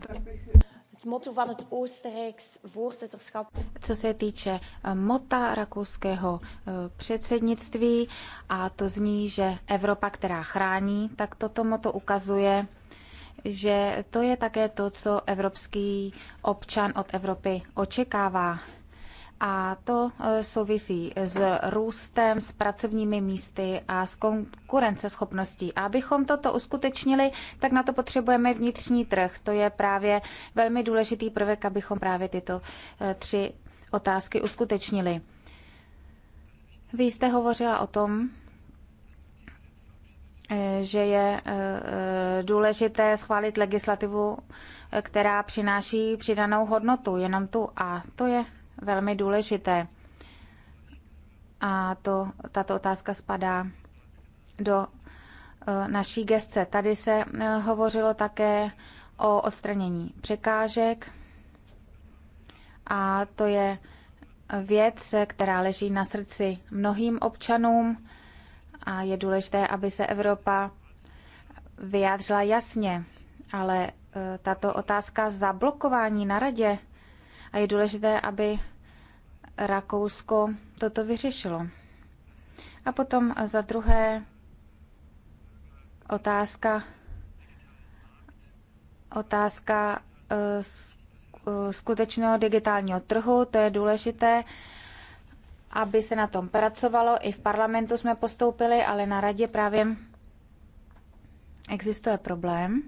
Tak bych motto van het Oostenrijks voorzitterschap. Co se týče eh, mota rakouského eh, předsednictví, a to zní, že Evropa, která chrání, tak toto moto ukazuje, že to je také to, co evropský občan od Evropy očekává a to e, souvisí s růstem, s pracovními místy a s konkurenceschopností. A abychom toto uskutečnili, tak na to potřebujeme vnitřní trh. To je právě velmi důležitý prvek, abychom právě tyto e, tři otázky uskutečnili. Vy jste hovořila o tom, e, že je důležité schválit legislativu, která přináší přidanou hodnotu, jenom tu. A to je velmi důležité. A to, tato otázka spadá do e, naší gestce. Tady se e, hovořilo také o odstranění překážek a to je věc, která leží na srdci mnohým občanům a je důležité, aby se Evropa vyjádřila jasně, ale e, tato otázka zablokování na radě a je důležité, aby Rakousko toto vyřešilo. A potom za druhé otázka, otázka eh, eh, skutečného digitálního trhu, to je důležité, aby se na tom pracovalo. I v parlamentu jsme postoupili, ale na radě právě existuje problém.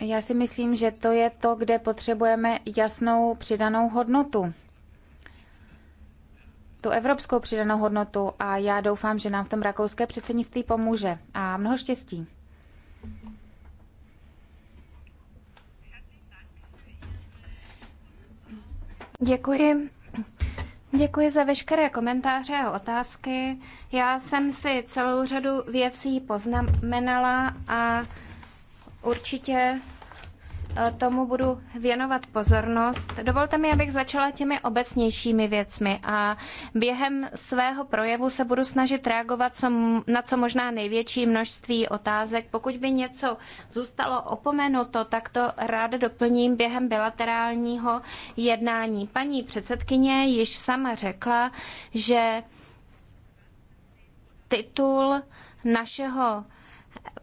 Já si myslím, že to je to, kde potřebujeme jasnou přidanou hodnotu. Tu evropskou přidanou hodnotu a já doufám, že nám v tom rakouské předsednictví pomůže. A mnoho štěstí. Děkuji. Děkuji za veškeré komentáře a otázky. Já jsem si celou řadu věcí poznamenala a Určitě eh, tomu budu věnovat pozornost. Dovolte mi, abych začala těmi obecnějšími věcmi a během svého projevu se budu snažit reagovat na co možná největší množství otázek. Pokud by něco zůstalo opomenuto, tak to ráda doplním během bilaterálního jednání. Paní předsedkyně již sama řekla, že titul našeho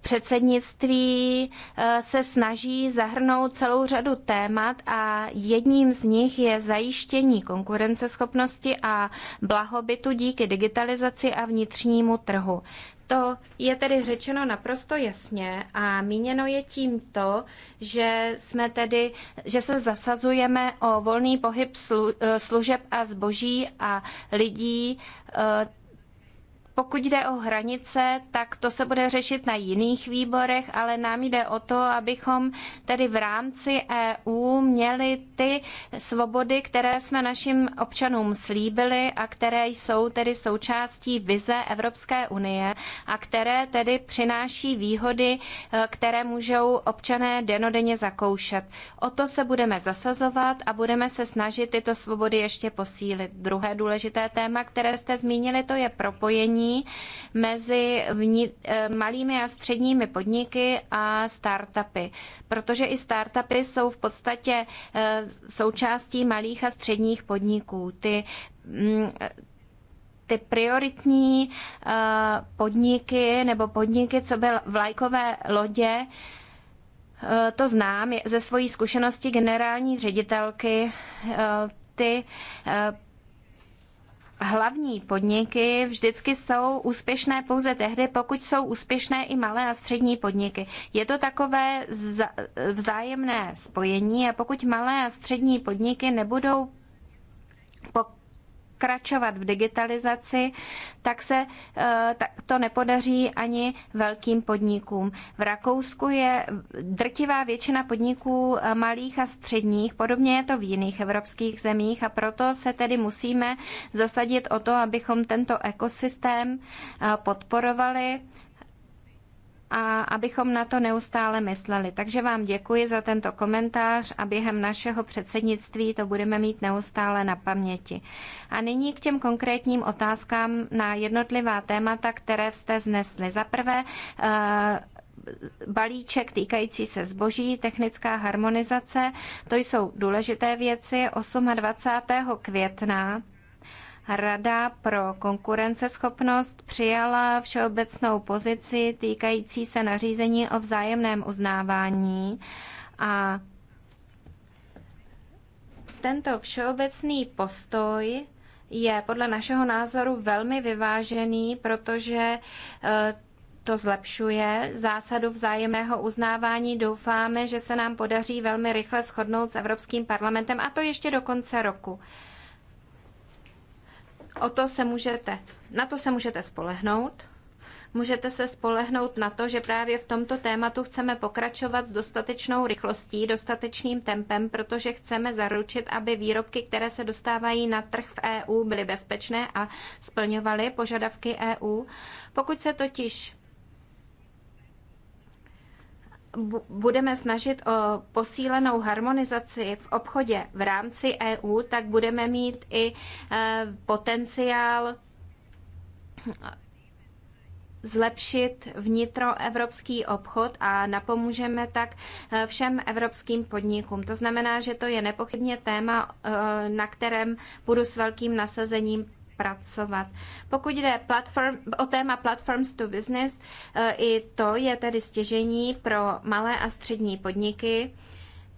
předsednictví eh, se snaží zahrnout celou řadu témat a jedním z nich je zajištění konkurenceschopnosti a blahobytu díky digitalizaci a vnitřnímu trhu. To je tedy řečeno naprosto jasně a míněno je tím to, že jsme tedy, že se zasazujeme o volný pohyb eh, služeb a zboží a lidí eh, pokud jde o hranice, tak to se bude řešit na jiných výborech, ale nám jde o to, abychom tedy v rámci EU měli ty svobody, které jsme našim občanům slíbili a které jsou tedy součástí vize Evropské unie a které tedy přináší výhody, e, které můžou občané denodenně zakoušet. O to se budeme zasazovat a budeme se snažit tyto svobody ještě posílit. Druhé důležité téma, které jste zmínili, to je propojení propojení mezi vní, eh, malými a středními podniky a startupy, protože i startupy jsou v podstatě eh, součástí malých a středních podniků. Ty mm, ty prioritní eh, podniky nebo podniky, co byl vlajkové lodě, to znám ze svojí zkušenosti generální ředitelky. Ty hlavní podniky vždycky jsou úspěšné pouze tehdy, pokud jsou úspěšné i malé a střední podniky. Je to takové vzájemné spojení a pokud malé a střední podniky nebudou pokračovat v digitalizaci, tak se eh, to nepodaří ani velkým podnikům. V Rakousku je drtivá většina podniků eh, malých a středních, podobně je to v jiných evropských zemích a proto se tedy musíme zasadit o to, abychom tento ekosystém eh, podporovali, a abychom na to neustále mysleli. Takže vám děkuji za tento komentář a během našeho předsednictví to budeme mít neustále na paměti. A nyní k těm konkrétním otázkám na jednotlivá témata, které jste znesli. Za prvé, eh, balíček týkající se zboží, technická harmonizace, to jsou důležité věci. 28. května Rada pro konkurenceschopnost přijala všeobecnou pozici týkající se nařízení o vzájemném uznávání a tento všeobecný postoj je podle našeho názoru velmi vyvážený, protože e, to zlepšuje zásadu vzájemného uznávání. Doufáme, že se nám podaří velmi rychle shodnout s Evropským parlamentem a to ještě do konce roku. O to se můžete, na to se můžete spolehnout. Můžete se spolehnout na to, že právě v tomto tématu chceme pokračovat s dostatečnou rychlostí, dostatečným tempem, protože chceme zaručit, aby výrobky, které se dostávají na trh v EU, byly bezpečné a splňovaly požadavky EU. Pokud se totiž budeme snažit o posílenou harmonizaci v obchodě v rámci EU, tak budeme mít i eh, potenciál eh, zlepšit vnitroevropský obchod a napomůžeme tak eh, všem evropským podnikům. To znamená, že to je nepochybně téma, na kterém budu s velkým nasazením pracovat. Pokud jde platform, o téma Platforms to Business, eh, i to je tedy stěžení pro malé a střední podniky.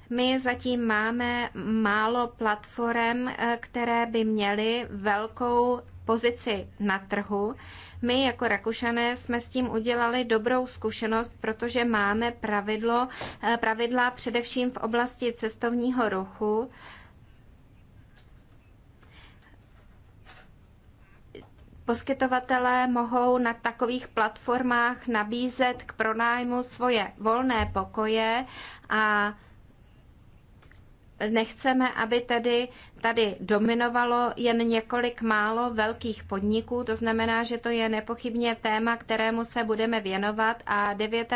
My zatím máme málo platform, eh, které by měly velkou pozici na trhu. My jako Rakušané jsme s tím udělali dobrou zkušenost, protože máme pravidlo, eh, pravidla především v oblasti cestovního ruchu Poskytovatelé mohou na takových platformách nabízet k pronájmu svoje volné pokoje a nechceme, aby tedy tady dominovalo jen několik málo velkých podniků, to znamená, že to je nepochybně téma, kterému se budeme věnovat a 29.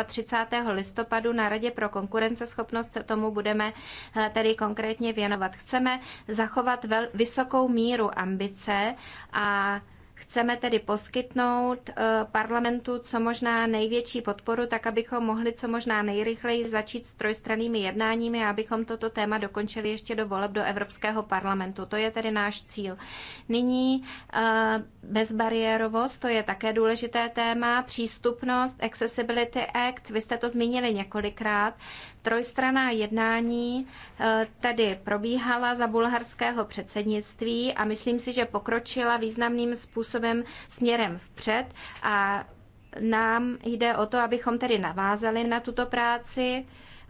a 30. listopadu na Radě pro konkurenceschopnost se tomu budeme eh, tedy konkrétně věnovat. Chceme zachovat vysokou míru ambice a Chceme tedy poskytnout eh, parlamentu co možná největší podporu, tak abychom mohli co možná nejrychleji začít s trojstrannými jednáními a abychom toto téma dokončili ještě do voleb do Evropského parlamentu. To je tedy náš cíl. Nyní eh, Bezbariérovost, to je také důležité téma, přístupnost, Accessibility Act, vy jste to zmínili několikrát. Trojstraná jednání eh, tady probíhala za bulharského předsednictví a myslím si, že pokročila významným způsobem směrem vpřed a nám jde o to, abychom tedy navázali na tuto práci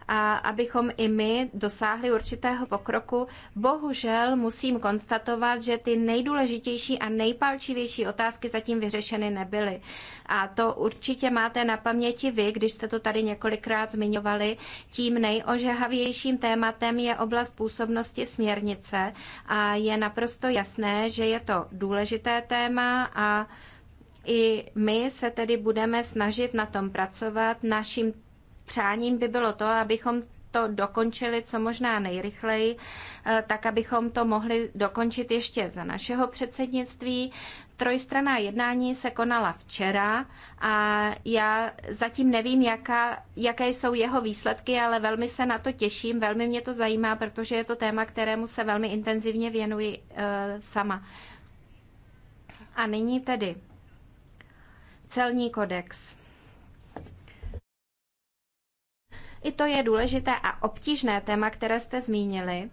a abychom i my dosáhli určitého pokroku. Bohužel musím konstatovat, že ty nejdůležitější a nejpalčivější otázky zatím vyřešeny nebyly. A to určitě máte na paměti vy, když jste to tady několikrát zmiňovali. Tím nejožehavějším tématem je oblast působnosti směrnice a je naprosto jasné, že je to důležité téma a i my se tedy budeme snažit na tom pracovat. Naším přáním by bylo to, abychom to dokončili co možná nejrychleji, eh, tak abychom to mohli dokončit ještě za našeho předsednictví. Trojstraná jednání se konala včera a já zatím nevím, jaká, jaké jsou jeho výsledky, ale velmi se na to těším, velmi mě to zajímá, protože je to téma, kterému se velmi intenzivně věnuji eh, sama. A nyní tedy celní kodex. I to je důležité a obtížné téma, které jste zmínili.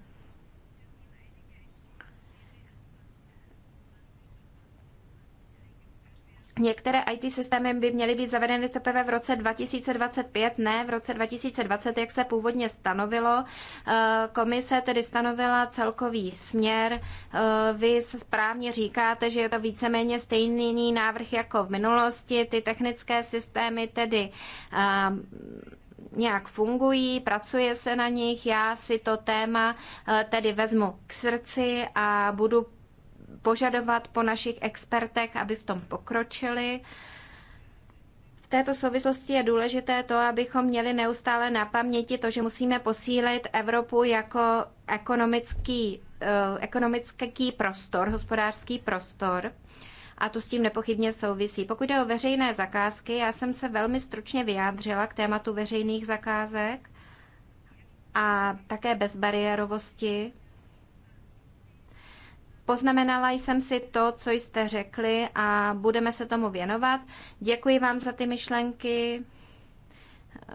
Některé IT systémy by měly být zavedeny teprve v roce 2025, ne v roce 2020, jak se původně stanovilo. Eh, komise tedy stanovila celkový směr. Eh, vy správně říkáte, že je to víceméně stejný návrh jako v minulosti. Ty technické systémy tedy eh, nějak fungují, pracuje se na nich. Já si to téma eh, tedy vezmu k srdci a budu požadovat po našich expertech, aby v tom pokročili. V této souvislosti je důležité to, abychom měli neustále na paměti to, že musíme posílit Evropu jako ekonomický, eh, ekonomický prostor, hospodářský prostor a to s tím nepochybně souvisí. Pokud jde o veřejné zakázky, já jsem se velmi stručně vyjádřila k tématu veřejných zakázek a také bezbariérovosti. Poznamenala jsem si to, co jste řekli a budeme se tomu věnovat. Děkuji vám za ty myšlenky. Eh,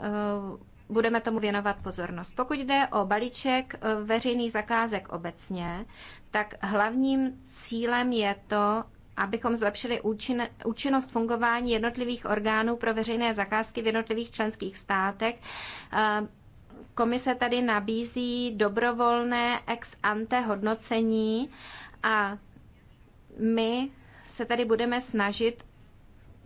budeme tomu věnovat pozornost. Pokud jde o balíček eh, veřejných zakázek obecně, tak hlavním cílem je to, abychom zlepšili účin, účinnost fungování jednotlivých orgánů pro veřejné zakázky v jednotlivých členských státech. Eh, komise tady nabízí dobrovolné ex ante hodnocení a my se tady budeme snažit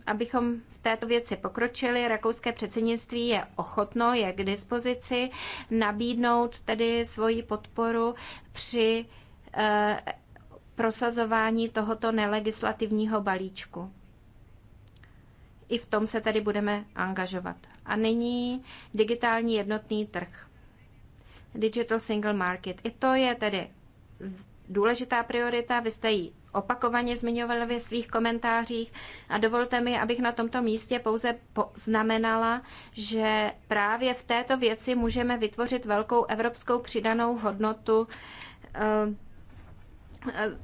abychom v této věci pokročili. Rakouské předsednictví je ochotno, je k dispozici nabídnout tedy svoji podporu při eh, prosazování tohoto nelegislativního balíčku. I v tom se tedy budeme angažovat. A nyní digitální jednotný trh. Digital Single Market. I to je tedy důležitá priorita. Vy jste ji opakovaně zmiňovali ve svých komentářích a dovolte mi, abych na tomto místě pouze znamenala, že právě v této věci můžeme vytvořit velkou evropskou přidanou hodnotu eh,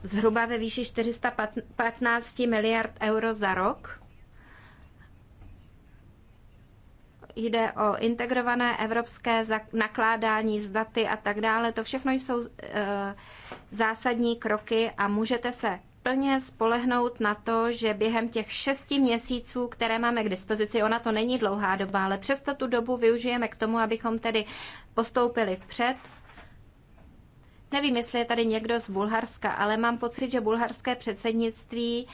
zhruba ve výši 415 miliard euro za rok. Jde o integrované evropské nakládání s daty a tak dále. To všechno jsou eh, zásadní kroky a můžete se plně spolehnout na to, že během těch šesti měsíců, které máme k dispozici, ona to není dlouhá doba, ale přesto tu dobu využijeme k tomu, abychom tedy postoupili vpřed, Nevím, jestli je tady někdo z Bulharska, ale mám pocit, že bulharské předsednictví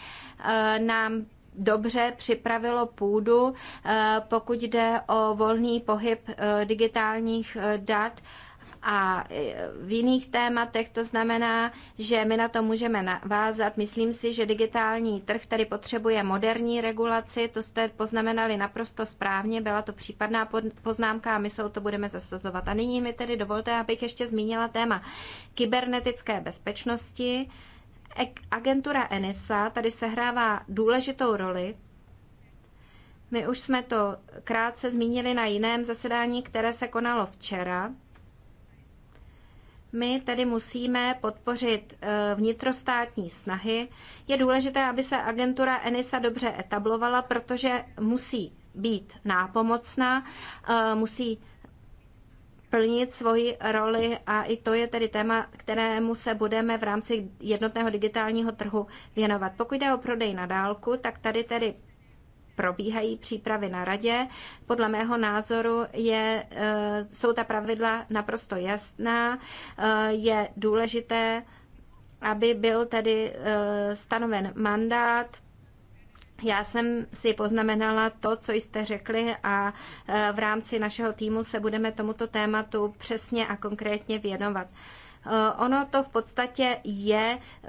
eh, nám dobře připravilo půdu, eh, pokud jde o volný pohyb eh, digitálních dat a e, v jiných tématech. To znamená, že my na to můžeme navázat. Myslím si, že digitální trh tady potřebuje moderní regulaci. To jste poznamenali naprosto správně. Byla to případná poznámka a my se o to budeme zasazovat. A nyní mi tedy dovolte, abych ještě zmínila téma kybernetické bezpečnosti. Agentura ENISA tady sehrává důležitou roli. My už jsme to krátce zmínili na jiném zasedání, které se konalo včera. My tedy musíme podpořit eh, vnitrostátní snahy. Je důležité, aby se agentura ENISA dobře etablovala, protože musí být nápomocná, eh, musí plnit svoji roli a i to je tedy téma, kterému se budeme v rámci jednotného digitálního trhu věnovat. Pokud jde o prodej na dálku, tak tady tedy probíhají přípravy na radě. Podle mého názoru je, eh, jsou ta pravidla naprosto jasná. Eh, je důležité, aby byl tedy eh, stanoven mandát já jsem si poznamenala to, co jste řekli a v rámci našeho týmu se budeme tomuto tématu přesně a konkrétně věnovat. Eh, ono to v podstatě je eh,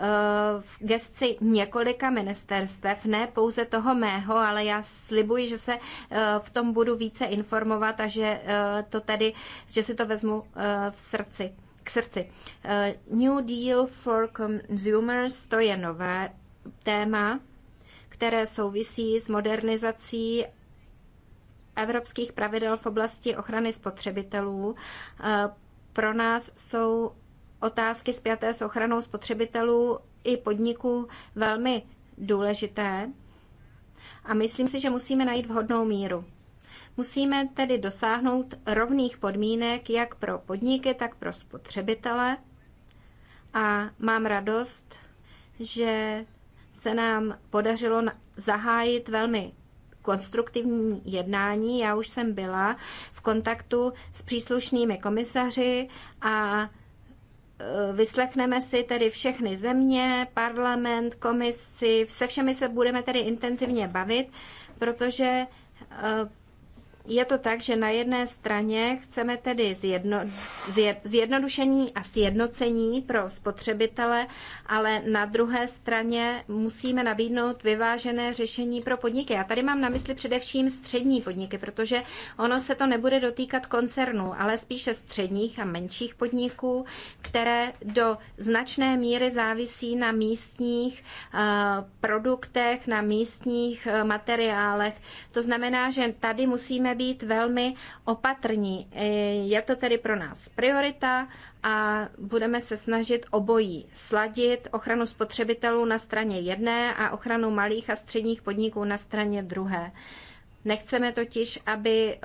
v gesci několika ministerstev, ne pouze toho mého, ale já slibuji, že se eh, v tom budu více informovat a že to tedy, že si to vezmu v srdci. K srdci. New Deal for Consumers, to je nové téma, které souvisí s modernizací evropských pravidel v oblasti ochrany spotřebitelů. Pro nás jsou otázky spjaté s ochranou spotřebitelů i podniků velmi důležité a myslím si, že musíme najít vhodnou míru. Musíme tedy dosáhnout rovných podmínek jak pro podniky, tak pro spotřebitele. A mám radost, že se nám podařilo zahájit velmi konstruktivní jednání. Já už jsem byla v kontaktu s příslušnými komisaři a Eh, vyslechneme si tedy všechny země, parlament, komisi, se všemi se budeme tedy intenzivně bavit, protože eh, je to tak, že na jedné straně chceme tedy zjedno, zjed, zjednodušení a sjednocení pro spotřebitele, ale na druhé straně musíme nabídnout vyvážené řešení pro podniky. Já tady mám na mysli především střední podniky, protože ono se to nebude dotýkat koncernů, ale spíše středních a menších podniků, které do značné míry závisí na místních uh, produktech, na místních uh, materiálech. To znamená, že tady musíme být velmi opatrní. E, je to tedy pro nás priorita a budeme se snažit obojí sladit ochranu spotřebitelů na straně jedné a ochranu malých a středních podniků na straně druhé. Nechceme totiž, aby e,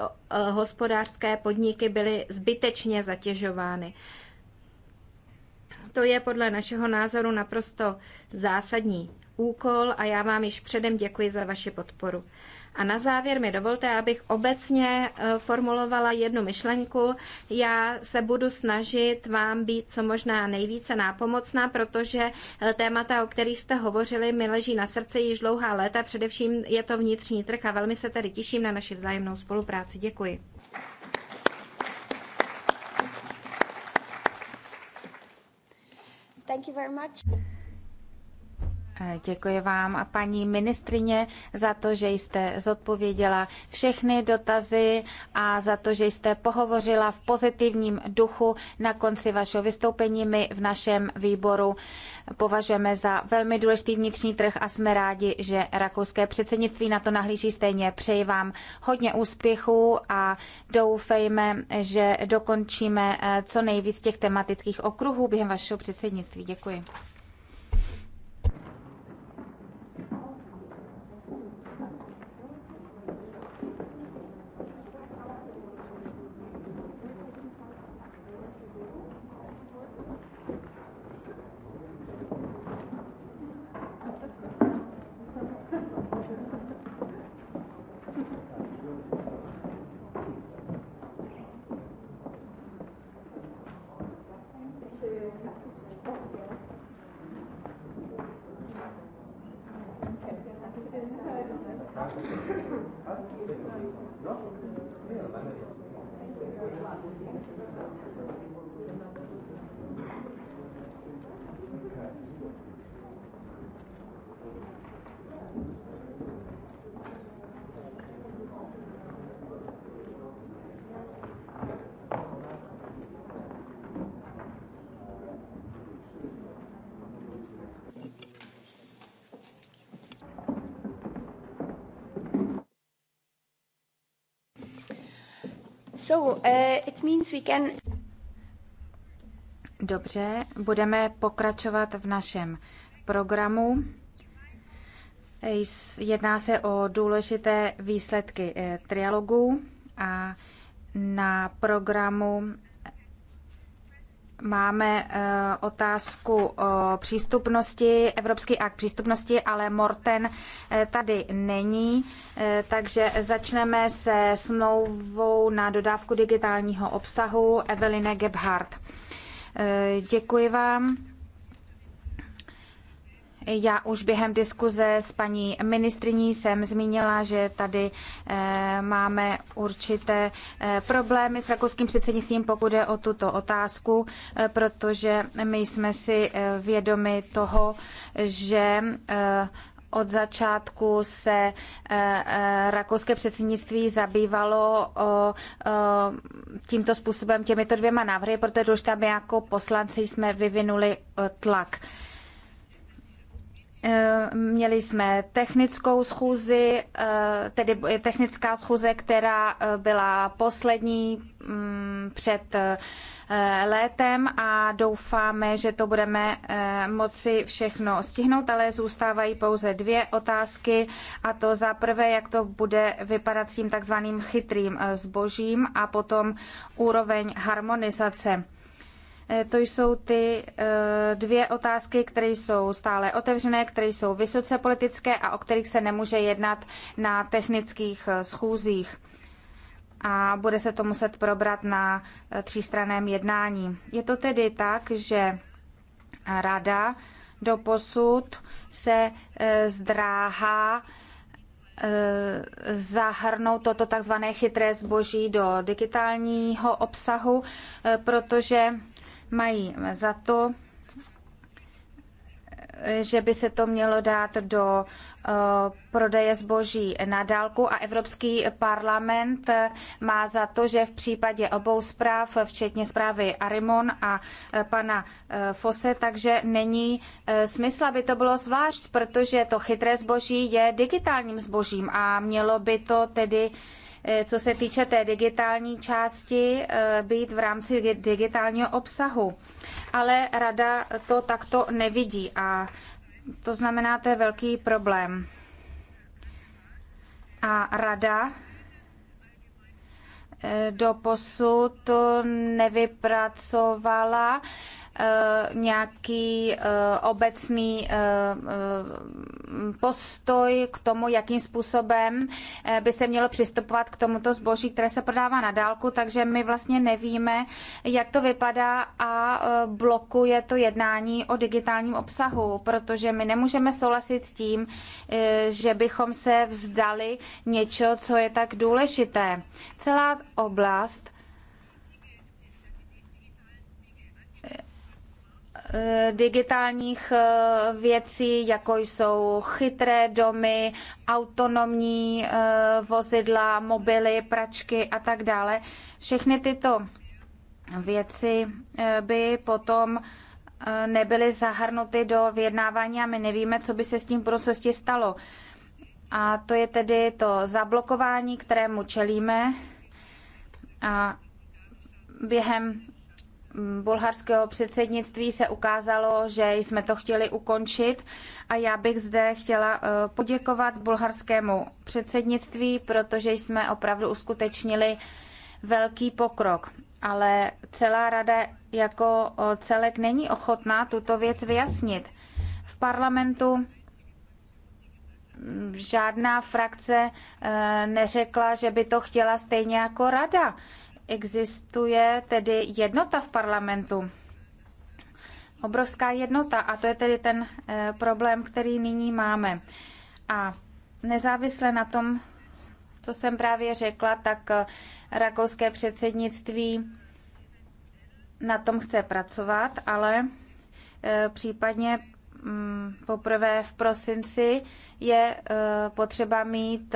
hospodářské podniky byly zbytečně zatěžovány. To je podle našeho názoru naprosto zásadní úkol a já vám již předem děkuji za vaši podporu. A na závěr mi dovolte, abych obecně eh, formulovala jednu myšlenku. Já se budu snažit vám být co možná nejvíce nápomocná, protože eh, témata, o kterých jste hovořili, mi leží na srdci již dlouhá léta. Především je to vnitřní trh a velmi se tedy těším na naši vzájemnou spolupráci. Děkuji. Thank you very much. Děkuji vám, a paní ministrině, za to, že jste zodpověděla všechny dotazy a za to, že jste pohovořila v pozitivním duchu na konci vašeho vystoupení. My v našem výboru považujeme za velmi důležitý vnitřní trh a jsme rádi, že rakouské předsednictví na to nahlíží stejně. Přeji vám hodně úspěchů a doufejme, že dokončíme eh, co nejvíc těch tematických okruhů během vašeho předsednictví. Děkuji. Was? Was? So, uh, it means we can... Dobře, budeme pokračovat v našem programu. Jedná se o důležité výsledky eh, trialogu a na programu Máme eh, otázku přístupnosti, Evropský akt přístupnosti, ale Morten eh, tady není, eh, takže začneme se smlouvou na dodávku digitálního obsahu Eveline Gebhardt. děkuji vám. Já už během diskuze s paní ministriní jsem zmínila, že tady eh, máme určité eh, problémy s rakouským předsednictvím, pokud je o tuto otázku, eh, protože my jsme si vědomi toho, že od začátku se rakouské předsednictví zabývalo tímto způsobem těmito dvěma návrhy, protože už tam jako poslanci jsme vyvinuli tlak. Měli jsme technickou schůzi, eh, tedy technická schůze, která eh, byla poslední mm, před eh, létem a doufáme, že to budeme moci všechno stihnout, ale zůstávají pouze dvě otázky a to za prvé, jak to bude vypadat s tím takzvaným chytrým zbožím a potom úroveň harmonizace. Eh, to jsou ty eh, dvě otázky, které jsou stále otevřené, které jsou vysoce politické a o kterých se nemůže jednat na technických eh, schůzích. A bude se to muset probrat na třístraném jednání. Je to tedy tak, že rada do posud se zdráhá zahrnout toto takzvané chytré zboží do digitálního obsahu, protože mají za to, že by se to mělo dát do eh, prodeje zboží na dálku a Evropský parlament má za to, že v případě obou zpráv, včetně zprávy Arimon a eh, pana eh, Fose, takže není smysl, aby to bylo zvlášť, protože to chytré zboží je digitálním zbožím a mělo by to tedy Eh, co se týče té digitální části, eh, být v rámci digitálního obsahu. Ale rada to takto nevidí a to znamená, to je velký problém. A rada eh, do posud nevypracovala Eh, nějaký eh, obecný eh, postoj k tomu, jakým způsobem by se mělo přistupovat k tomuto zboží, které se prodává na dálku, takže my vlastně nevíme, jak to vypadá a blokuje to jednání o digitálním obsahu, protože my nemůžeme souhlasit s tím, že bychom se vzdali něčeho, co je tak důležité. Celá oblast Eh, digitálních eh, věcí, jako jsou chytré domy, autonomní eh, vozidla, mobily, pračky a tak dále. Všechny tyto věci by potom nebyly zahrnuty do vyjednávání a my nevíme, co by se s tím v budoucnosti stalo. A to je tedy to zablokování, kterému čelíme. A během bulharského předsednictví se ukázalo, že jsme to chtěli ukončit a já bych zde chtěla eh, poděkovat bulharskému předsednictví, protože jsme opravdu uskutečnili velký pokrok. Ale celá rada jako eh, celek není ochotná tuto věc vyjasnit. V parlamentu mm, žádná frakce eh, neřekla, že by to chtěla stejně jako rada existuje tedy jednota v parlamentu. Obrovská jednota a to je tedy ten eh, problém, který nyní máme. A nezávisle na tom, co jsem právě řekla, tak eh, rakouské předsednictví na tom chce pracovat, ale eh, případně mm, poprvé v prosinci je potřeba mít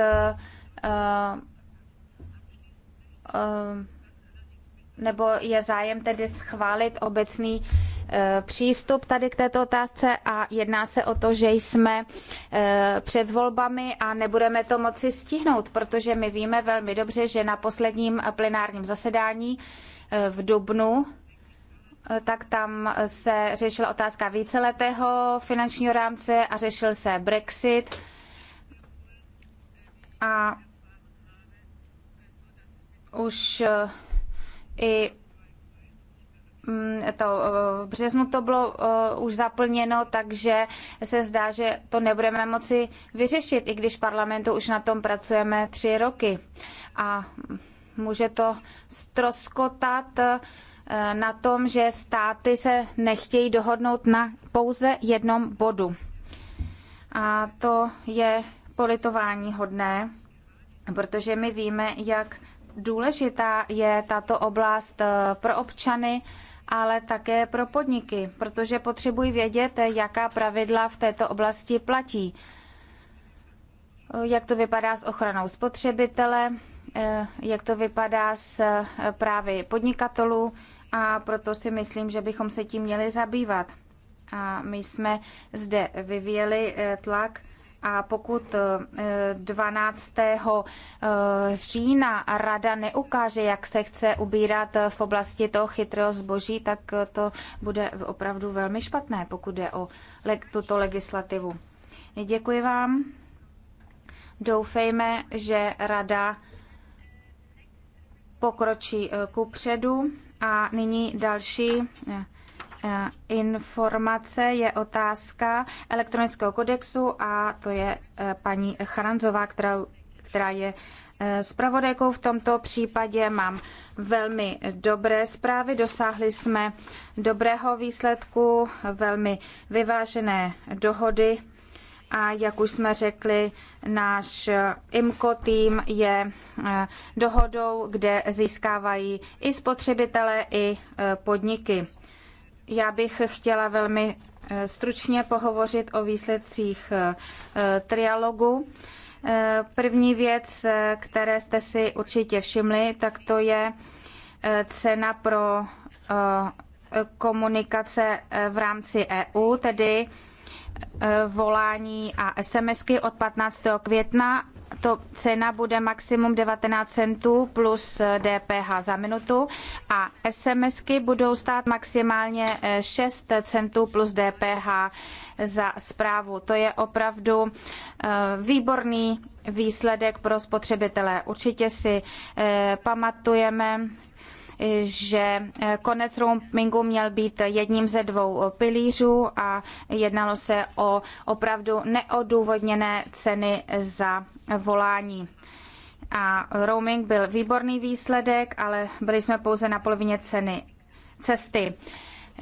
nebo je zájem tedy schválit obecný e, přístup tady k této otázce a jedná se o to, že jsme e, před volbami a nebudeme to moci stihnout, protože my víme velmi dobře, že na posledním plenárním zasedání e, v Dubnu tak tam se řešila otázka víceletého finančního rámce a řešil se Brexit. A už i mm, to, v březnu to bylo eh, už zaplněno, takže se zdá, že to nebudeme moci vyřešit, i když parlamentu už na tom pracujeme tři roky. A může to stroskotat eh, na tom, že státy se nechtějí dohodnout na pouze jednom bodu. A to je politování hodné, protože my víme, jak důležitá je tato oblast eh, pro občany, ale také pro podniky, protože potřebují vědět, jaká pravidla v této oblasti platí. Eh, jak to vypadá s ochranou spotřebitele, eh, jak to vypadá s právy podnikatelů a proto si myslím, že bychom se tím měli zabývat. A my jsme zde vyvíjeli tlak a pokud 12. Eh, eh, října rada neukáže, jak se chce ubírat eh, v oblasti toho chytrého zboží, tak to bude opravdu velmi špatné, pokud jde o tuto legislativu. Děkuji vám. Doufejme, že rada pokročí ku předu. A nyní další Eh, informace je otázka elektronického kodexu a to je eh, paní Charanzová, která, která je eh, zpravodajkou. V tomto případě mám velmi dobré zprávy. Dosáhli jsme dobrého výsledku, velmi vyvážené dohody a jak už jsme řekli, náš IMCO tým je dohodou, kde získávají i spotřebitele, i podniky. Já bych chtěla velmi eh, stručně pohovořit o výsledcích eh, eh, trialogu. První věc, které jste si určitě všimli, tak to je cena pro komunikace v rámci EU, tedy volání a SMSky od 15. května to cena bude maximum 19 centů plus DPH eh, za minutu a SMSky budou stát maximálně 6 eh, centů plus DPH za zprávu. To je opravdu eh, výborný výsledek pro spotřebitele. Určitě si pamatujeme že eh, konec roamingu měl být jedním ze dvou pilířů a jednalo se o opravdu neodůvodněné ceny za volání a roaming byl výborný výsledek, ale byli jsme pouze na polovině ceny cesty.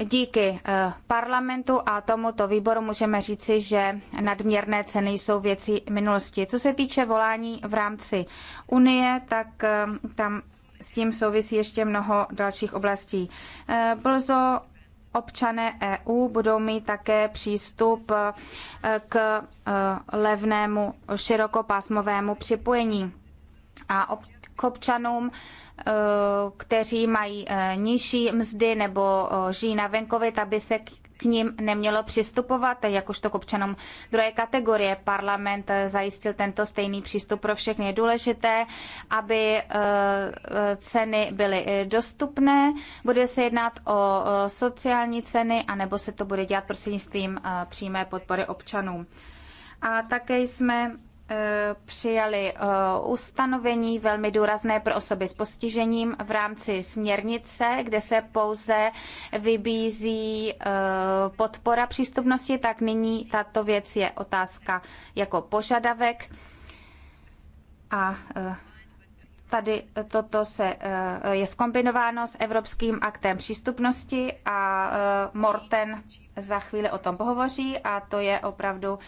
Díky eh, parlamentu a tomuto výboru můžeme říci, že nadměrné ceny jsou věcí minulosti. Co se týče volání v rámci Unie, tak eh, tam s tím souvisí ještě mnoho dalších oblastí. Eh, Brzo občané EU budou mít také přístup eh, k eh, levnému širokopásmovému připojení. A k občanům, kteří mají nižší mzdy nebo žijí na venkově, tak se k ním nemělo přistupovat, jakožto k občanům druhé kategorie. Parlament eh, zajistil tento stejný přístup pro všechny. Je důležité, aby eh, eh, ceny byly dostupné. Bude se jednat o sociální ceny, anebo se to bude dělat prostřednictvím přímé podpory občanů. A také jsme přijali eh, ustanovení velmi důrazné pro osoby s postižením v rámci směrnice, kde se pouze vybízí eh, podpora přístupnosti, tak nyní tato věc je otázka jako požadavek a eh, tady toto se, eh, je skombinováno s Evropským aktem přístupnosti a eh, Morten za chvíli o tom pohovoří a to je opravdu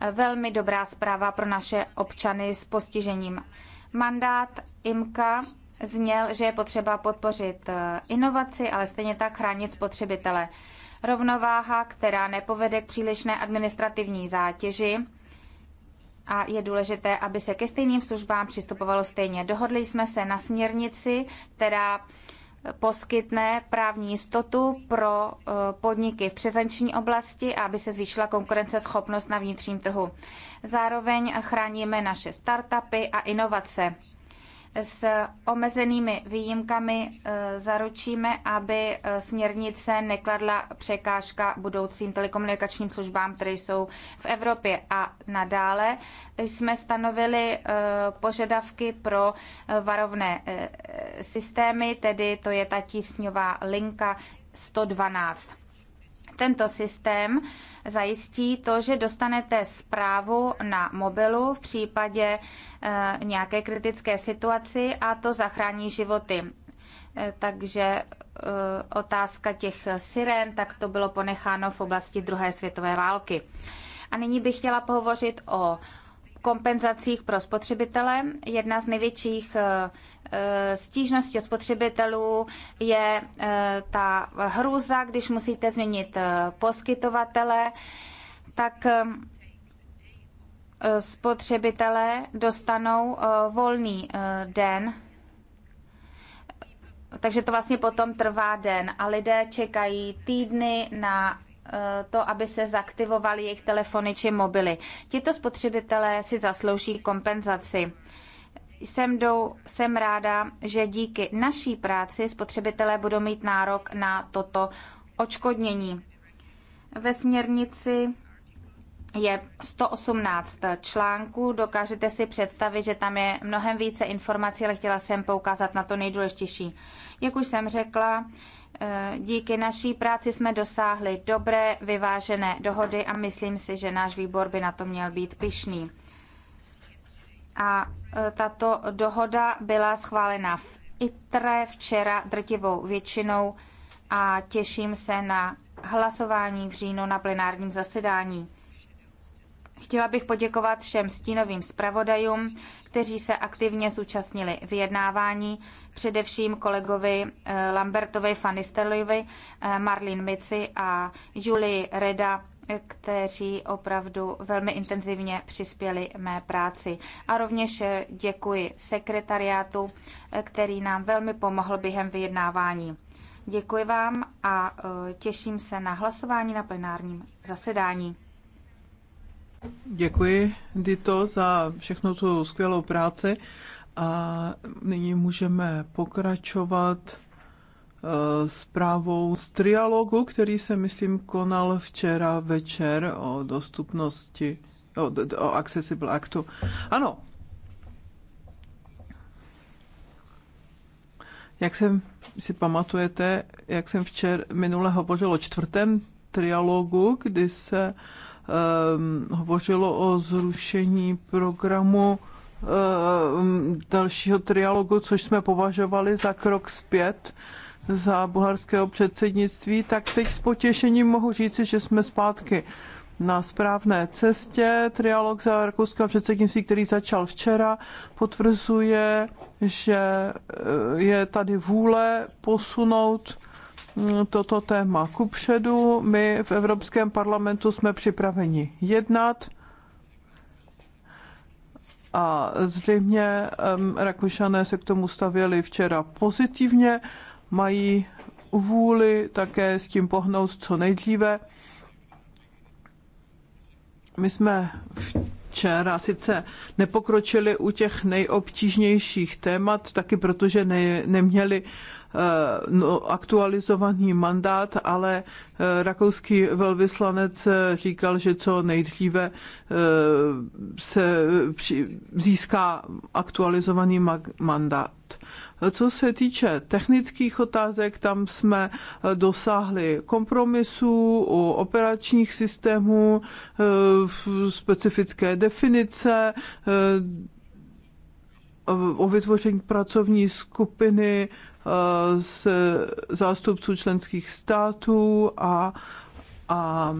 eh, velmi dobrá zpráva pro naše občany s postižením. Mandát IMKA zněl, že je potřeba podpořit inovaci, ale stejně tak chránit spotřebitele. Rovnováha, která nepovede k přílišné administrativní zátěži, a je důležité, aby se ke stejným službám přistupovalo stejně. Dohodli jsme se na směrnici, která poskytne právní jistotu pro eh, podniky v přezanční oblasti, aby se zvýšila konkurenceschopnost na vnitřním trhu. Zároveň chráníme naše startupy a inovace s omezenými výjimkami eh, zaručíme, aby eh, směrnice nekladla překážka budoucím telekomunikačním službám, které jsou v Evropě. A nadále jsme stanovili eh, požadavky pro varovné systémy, tedy to je ta tísňová linka 112. Tento systém zajistí to, že dostanete zprávu na mobilu v případě eh, nějaké kritické situaci a to zachrání životy. Eh, takže eh, otázka těch siren, tak to bylo ponecháno v oblasti druhé světové války. A nyní bych chtěla pohovořit o kompenzacích pro spotřebitele. Jedna z největších eh, eh, stížností spotřebitelů je eh, ta hrůza, když musíte změnit poskytovatele, tak spotřebitelé dostanou volný den takže to vlastně potom trvá den a lidé čekají týdny na Eh, to, aby se zaktivovaly jejich telefony či mobily. Tito spotřebitelé si zaslouží kompenzaci. Jsem, dou, jsem ráda, že díky naší práci spotřebitelé budou mít nárok na toto očkodnění. Ve směrnici je 118 článků. Dokážete si představit, že tam je mnohem více informací, ale chtěla jsem poukázat na to nejdůležitější. Jak už jsem řekla, Díky naší práci jsme dosáhli dobré, vyvážené dohody a myslím si, že náš výbor by na to měl být pišný. A e, tato dohoda byla schválena v ITRE včera drtivou většinou a těším se na hlasování v říjnu na plenárním zasedání. Chtěla bych poděkovat všem stínovým zpravodajům, kteří se aktivně zúčastnili vyjednávání, především kolegovi eh, Lambertovi Fanisterlovi, eh, Marlin Mici a Julii Reda, kteří opravdu velmi intenzivně přispěli mé práci. A rovněž eh, děkuji sekretariátu, který nám velmi pomohl během vyjednávání. Děkuji vám a těším se na hlasování na plenárním zasedání. Děkuji, Dito, za všechno tu skvělou práci. A nyní můžeme pokračovat eh, zprávou z trialogu, který se, myslím, konal včera večer o dostupnosti, o, o Accessible Actu. Ano. Jak jsem si pamatujete, jak jsem včera minule hovořil o čtvrtém trialogu, kdy se uh, Ehm, hovořilo o zrušení programu ehm, dalšího trialogu, což jsme považovali za krok zpět za bulharského předsednictví, tak teď s potěšením mohu říci, že jsme zpátky na správné cestě. Trialog za rakouského předsednictví, který začal včera, potvrzuje, že eh, je tady vůle posunout toto téma kupředu. My v Evropském parlamentu jsme připraveni jednat a zřejmě Rakušané se k tomu stavěli včera pozitivně, mají vůli také s tím pohnout co nejdříve. My jsme včera sice nepokročili u těch nejobtížnějších témat, taky protože ne, neměli Eh, no, aktualizovaný mandát, ale eh, rakouský velvyslanec eh, říkal, že co nejdříve se získá aktualizovaný mandát. Co se týče technických otázek, tam jsme dosáhli kompromisů u operačních systémů, specifické definice, o vytvoření pracovní skupiny z eh, zástupců členských států a, a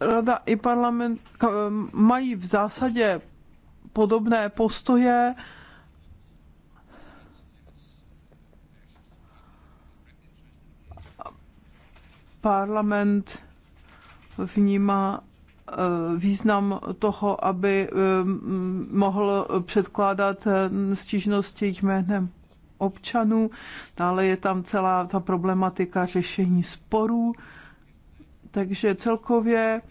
Rada i parlament mají v zásadě podobné postoje. Parlament vnímá Eh, význam toho, aby eh, mohl předkládat eh, stížnosti jménem občanů. Dále je tam celá ta problematika řešení sporů. Takže celkově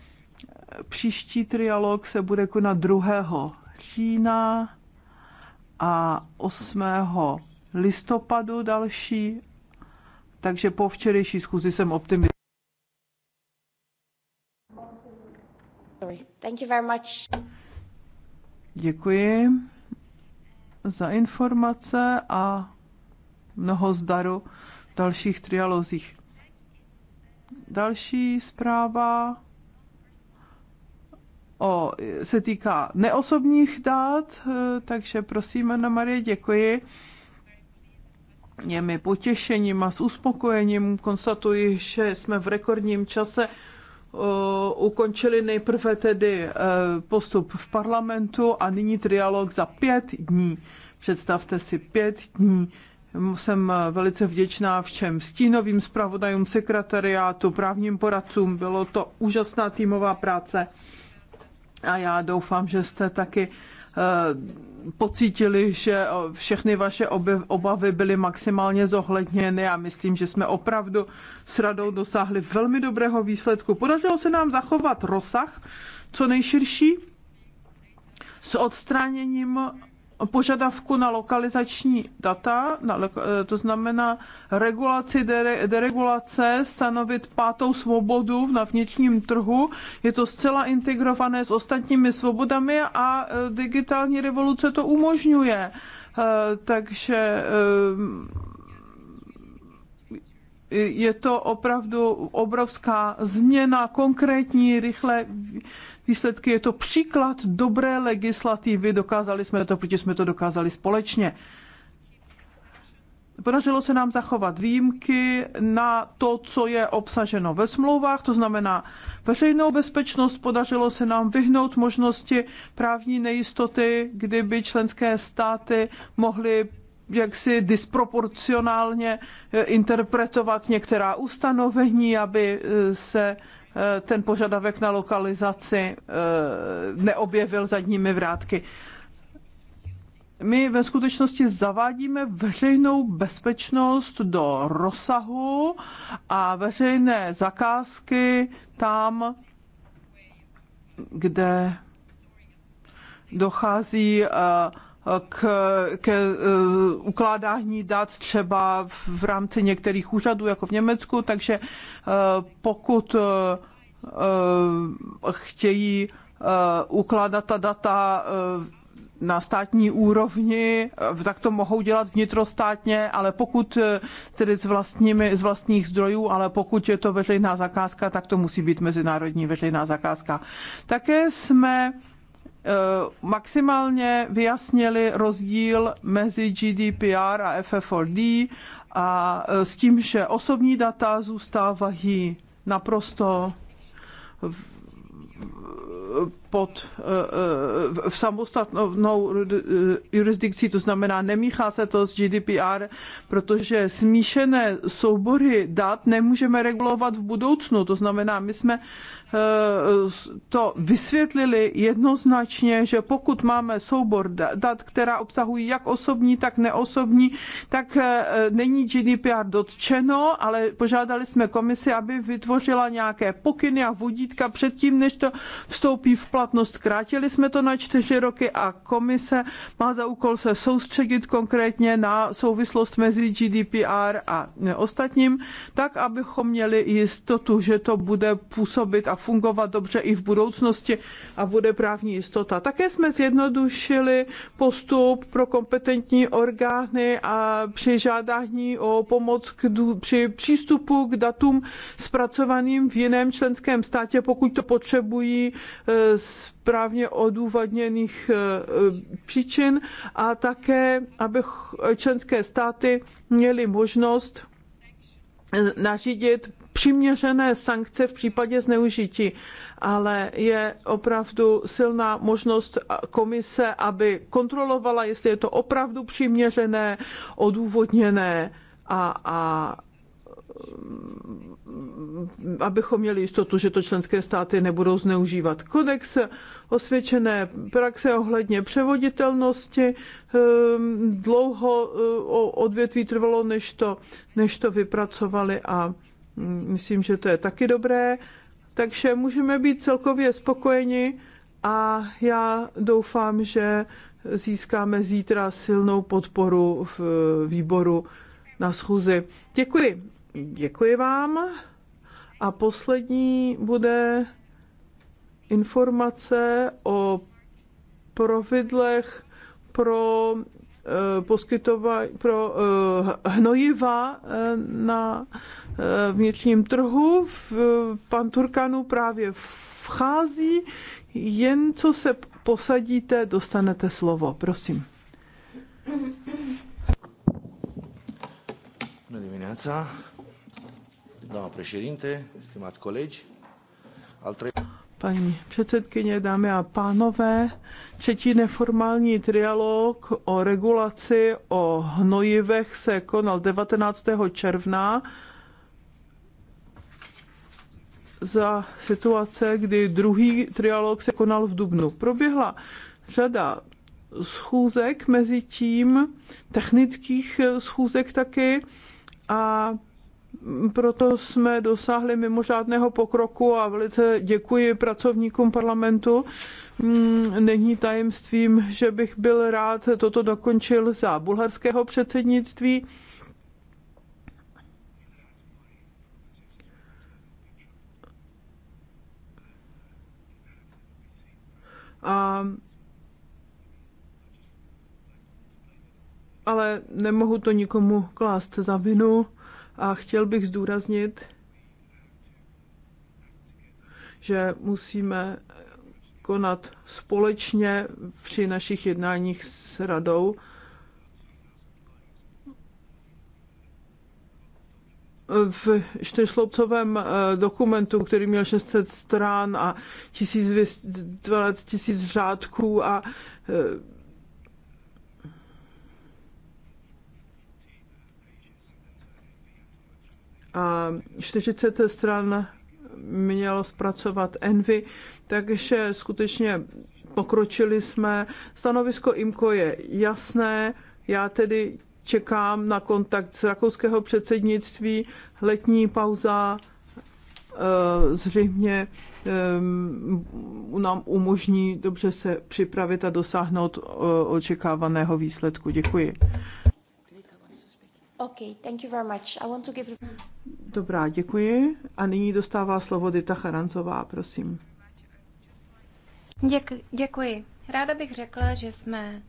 příští trialog se bude konat 2. října a 8. listopadu další. Takže po včerejší schůzi jsem optimist. Thank you very much. Děkuji za informace a mnoho zdaru v dalších trialozích. Další zpráva o, se týká neosobních dát, eh, takže prosím, Anna Marie, děkuji. Je mi potěšením a s uspokojením konstatuji, že jsme v rekordním čase Eh, ukončili nejprve tedy eh, postup v parlamentu a nyní trialog za pět dní. Představte si pět dní. Jsem eh, velice vděčná všem stínovým zpravodajům, sekretariátu, právním poradcům. Bylo to úžasná týmová práce a já doufám, že jste taky Eh, pocítili, že všechny vaše obavy byly maximálně zohledněny a myslím, že jsme opravdu s radou dosáhli velmi dobrého výsledku. Podařilo se nám zachovat rozsah co nejširší s odstraněním požadavku na lokalizační data, na, eh, to znamená regulaci, dere, deregulace, stanovit pátou svobodu na vnitřním trhu. Je to zcela integrované s ostatními svobodami a eh, digitální revoluce to umožňuje. Eh, takže je to opravdu obrovská změna, konkrétní, rychle výsledky. Je to příklad dobré legislativy, dokázali jsme to, protože jsme to dokázali společně. Podařilo se nám zachovat výjimky na to, co je obsaženo ve smlouvách, to znamená veřejnou bezpečnost. Podařilo se nám vyhnout možnosti právní nejistoty, kdyby členské státy mohly jaksi disproporcionálně interpretovat některá ustanovení, aby se Eh, ten požadavek na lokalizaci eh, neobjevil zadními vrátky. My ve skutečnosti zavádíme veřejnou bezpečnost do rozsahu a veřejné zakázky tam, kde dochází uh, k, ke uh, ukládání dat třeba v rámci některých úřadů, jako v Německu, takže uh, pokud uh, chtějí ukládat ta data na státní úrovni, tak to mohou dělat vnitrostátně, ale pokud tedy z, vlastními, z vlastních zdrojů, ale pokud je to veřejná zakázka, tak to musí být mezinárodní veřejná zakázka. Také jsme Eh, maximálně vyjasnili rozdíl mezi GDPR a FFOD a eh, s tím, že osobní data zůstávají naprosto pod eh, v samostatnou jurisdikcí, to znamená, nemíchá se to s GDPR, protože smíšené soubory dat nemůžeme regulovat v budoucnu. To znamená, my jsme Eh, to vysvětlili jednoznačně, že pokud máme soubor dat, která obsahují jak osobní, tak neosobní, tak eh, není GDPR dotčeno, ale požádali jsme komisi, aby vytvořila nějaké pokyny a vodítka předtím, než to vstoupí v platnost. Krátili jsme to na čtyři roky a komise má za úkol se soustředit konkrétně na souvislost mezi GDPR a ostatním, tak abychom měli jistotu, že to bude působit a fungovat dobře i v budoucnosti a bude právní jistota. Také jsme zjednodušili postup pro kompetentní orgány a při žádání o pomoc k, při přístupu k datům zpracovaným v jiném členském státě, pokud to potřebují správně e, odůvodněných e, příčin a také, aby členské státy měly možnost e, nařídit přiměřené sankce v případě zneužití, ale je opravdu silná možnost komise, aby kontrolovala, jestli je to opravdu přiměřené, odůvodněné a, a mm, abychom měli jistotu, že to členské státy nebudou zneužívat. Kodex osvědčené praxe ohledně převoditelnosti ehm, dlouho e, odvětví trvalo, než to, než to vypracovali a Myslím, že to je taky dobré. Takže můžeme být celkově spokojeni a já doufám, že získáme zítra silnou podporu v výboru na schůzi. Děkuji. Děkuji vám. A poslední bude informace o providlech pro Eh, poskytovat pro eh, hnojiva eh, na vnitřním trhu. Pan Turkanu právě vchází, jen co se posadíte, dostanete slovo. Prosím. Bună dimineața, doamna președinte, stimați colegi. Al treilea paní předsedkyně, dámy a pánové. Třetí neformální trialog o regulaci o hnojivech se konal 19. června za situace, kdy druhý trialog se konal v Dubnu. Proběhla řada schůzek mezi tím, technických schůzek taky a proto jsme dosáhli mimořádného pokroku a velice děkuji pracovníkům parlamentu. Mm, není tajemstvím, že bych byl rád toto dokončil za bulharského předsednictví. A ale nemohu to nikomu klást za vinu a chtěl bych zdůraznit, že musíme konat společně při našich jednáních s radou. V čtyřsloupcovém eh, dokumentu, který měl 600 stran a 1200 řádků a eh, a 40 stran mělo zpracovat Envy, takže skutečně pokročili jsme. Stanovisko IMCO je jasné, já tedy čekám na kontakt z rakouského předsednictví, letní pauza eh, zřejmě eh, nám umožní dobře se připravit a dosáhnout eh, očekávaného výsledku. Děkuji. Okay, thank you very much. I want to give... Dobrá, děkuji. A nyní dostává slovo Dita Charanzová, prosím. Děk, děkuji. Ráda bych řekla, že jsme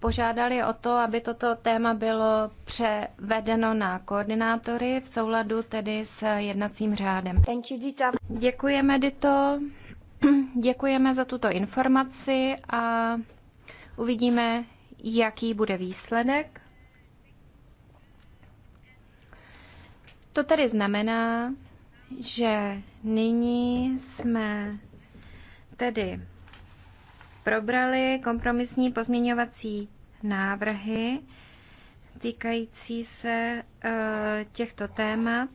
požádali o to, aby toto téma bylo převedeno na koordinátory v souladu tedy s jednacím řádem. Thank you, Dita. Děkujeme, Dito. Děkujeme za tuto informaci a uvidíme, jaký bude výsledek. To tedy znamená, že nyní jsme tedy probrali kompromisní pozměňovací návrhy týkající se eh, těchto témat.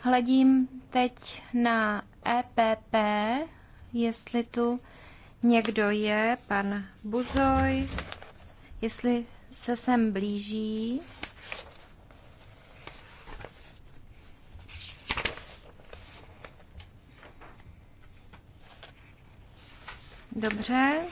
Hledím teď na EPP, jestli tu někdo je, pan Buzoj, jestli se sem blíží. Dobře,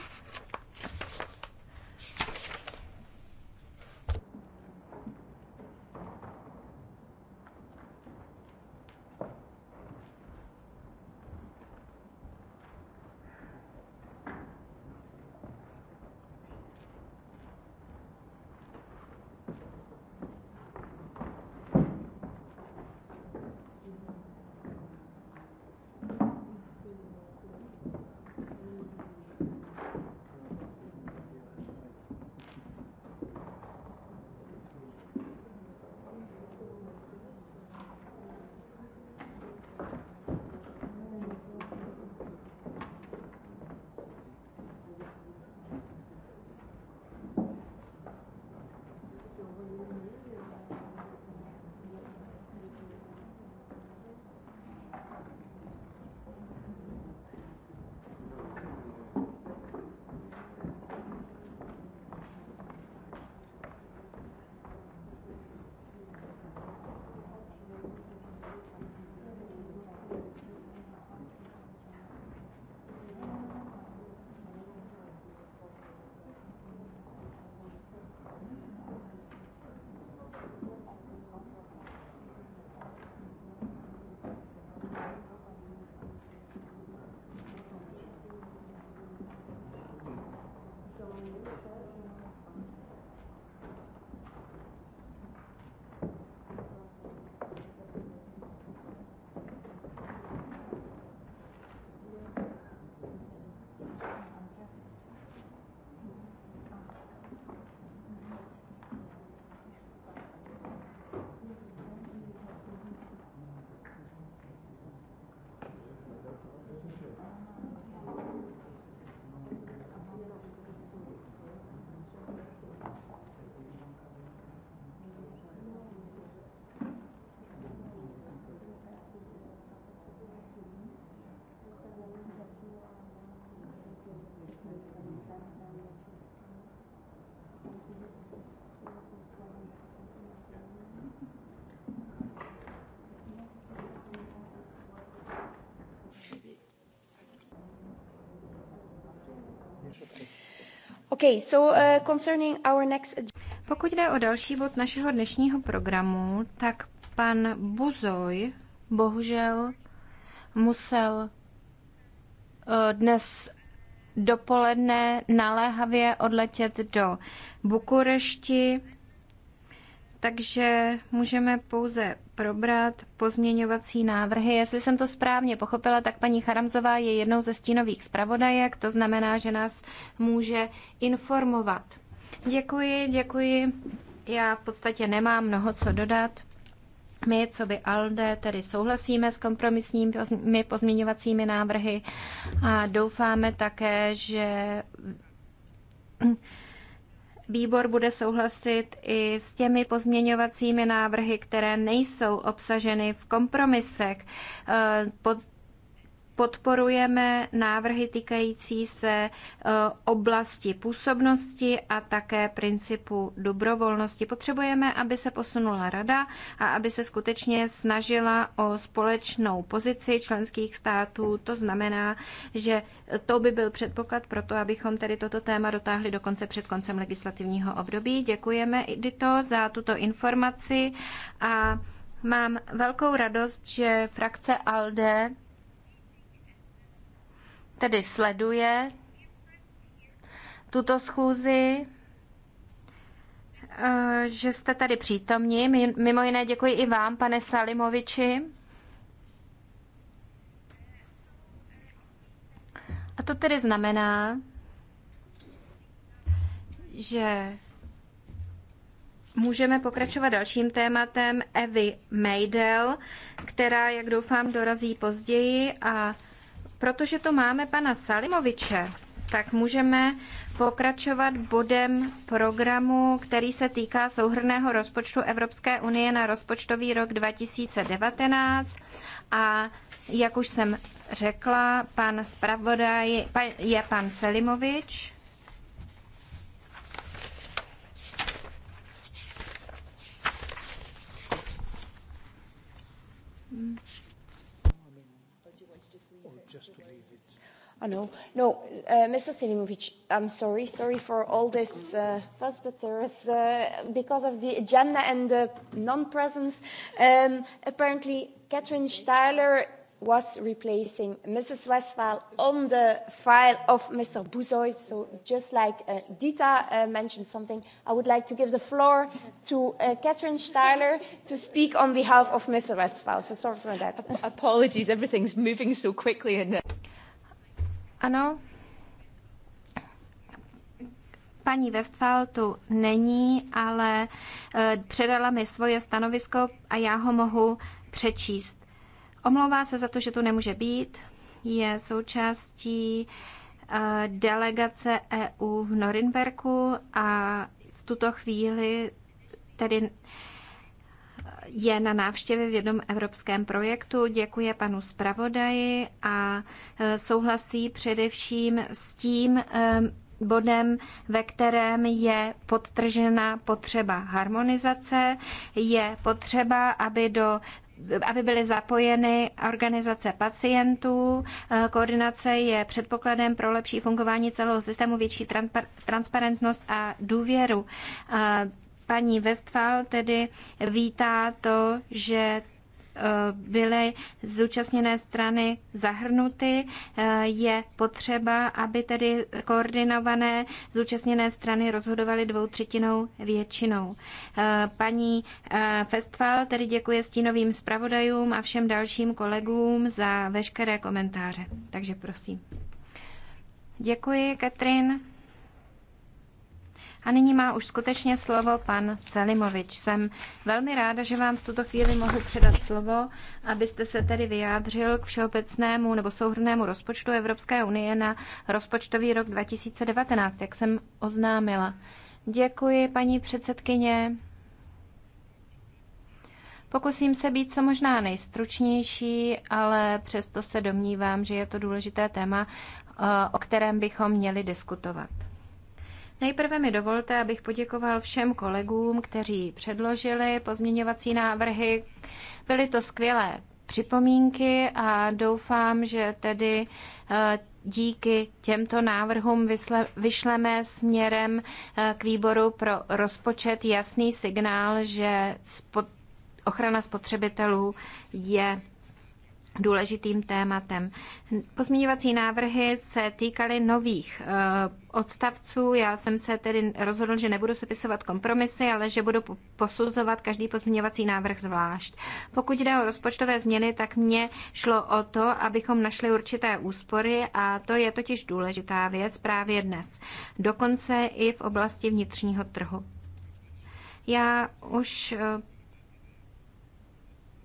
Okay, so, uh, concerning our next... Pokud jde o další bod našeho dnešního programu, tak pan Buzoj bohužel musel uh, dnes dopoledne naléhavě odletět do Bukurešti, takže můžeme pouze probrat pozměňovací návrhy. Jestli jsem to správně pochopila, tak paní Charamzová je jednou ze stínových zpravodajek, to znamená, že nás může informovat. Děkuji, děkuji. Já v podstatě nemám mnoho co dodat. My, co by ALDE, tedy souhlasíme s kompromisními pozměňovacími návrhy a doufáme také, že výbor bude souhlasit i s těmi pozměňovacími návrhy, které nejsou obsaženy v kompromisech. Eh, pod podporujeme návrhy týkající se e, oblasti působnosti a také principu dobrovolnosti. Potřebujeme, aby se posunula rada a aby se skutečně snažila o společnou pozici členských států. To znamená, že to by byl předpoklad pro to, abychom tedy toto téma dotáhli do konce před koncem legislativního období. Děkujeme, Edito, za tuto informaci a Mám velkou radost, že frakce ALDE tedy sleduje tuto schůzi, eh, že jste tady přítomní. Mimo jiné děkuji i vám, pane Salimoviči. A to tedy znamená, že můžeme pokračovat dalším tématem Evy Maidel, která, jak doufám, dorazí později a Protože to máme pana Salimoviče, tak můžeme pokračovat bodem programu, který se týká souhrného rozpočtu Evropské unie na rozpočtový rok 2019. A jak už jsem řekla, pan zpravodaj je pan Selimovič. Hmm. I No, uh, Mr. Selimovic, I'm sorry, sorry for all this uh, fuss, but there is, uh, because of the agenda and the non-presence, um, apparently Catherine Steiler was replacing Mrs. Westphal on the file of Mr. Bouzoy. So just like uh, Dita uh, mentioned something, I would like to give the floor to uh, Catherine Steiler to speak on behalf of Mr. Westphal. So sorry for that. Ap apologies, everything's moving so quickly. And uh ano, paní Westphal tu není, ale eh, předala mi svoje stanovisko a já ho mohu přečíst. Omlouvá se za to, že tu nemůže být, je součástí eh, delegace EU v Norimberku a v tuto chvíli tedy je na návštěvě v jednom evropském projektu, děkuje panu zpravodaji a e, souhlasí především s tím, e, bodem, ve kterém je podtržena potřeba harmonizace, je potřeba, aby do aby byly zapojeny organizace pacientů. E, koordinace je předpokladem pro lepší fungování celého systému, větší transparentnost a důvěru. Paní Westphal tedy vítá to, že eh, byly zúčastněné strany zahrnuty. Eh, je potřeba, aby tedy koordinované zúčastněné strany rozhodovaly dvoutřetinou většinou. Eh, paní Festval tedy děkuje stínovým zpravodajům a všem dalším kolegům za veškeré komentáře. Takže prosím. Děkuji, Katrin. A nyní má už skutečně slovo pan Selimovič. Jsem velmi ráda, že vám v tuto chvíli mohu předat slovo, abyste se tedy vyjádřil k všeobecnému nebo souhrnému rozpočtu Evropské unie na rozpočtový rok 2019, jak jsem oznámila. Děkuji, paní předsedkyně. Pokusím se být co možná nejstručnější, ale přesto se domnívám, že je to důležité téma, eh, o kterém bychom měli diskutovat. Nejprve mi dovolte, abych poděkoval všem kolegům, kteří předložili pozměňovací návrhy. Byly to skvělé připomínky a doufám, že tedy eh, díky těmto návrhům vyšleme směrem eh, k výboru pro rozpočet jasný signál, že ochrana spotřebitelů je důležitým tématem. Pozměňovací návrhy se týkaly nových eh, odstavců. Já jsem se tedy rozhodl, že nebudu sepisovat kompromisy, ale že budu posuzovat každý pozměňovací návrh zvlášť. Pokud jde o rozpočtové změny, tak mně šlo o to, abychom našli určité úspory a to je totiž důležitá věc právě dnes. Dokonce i v oblasti vnitřního trhu. Já už eh,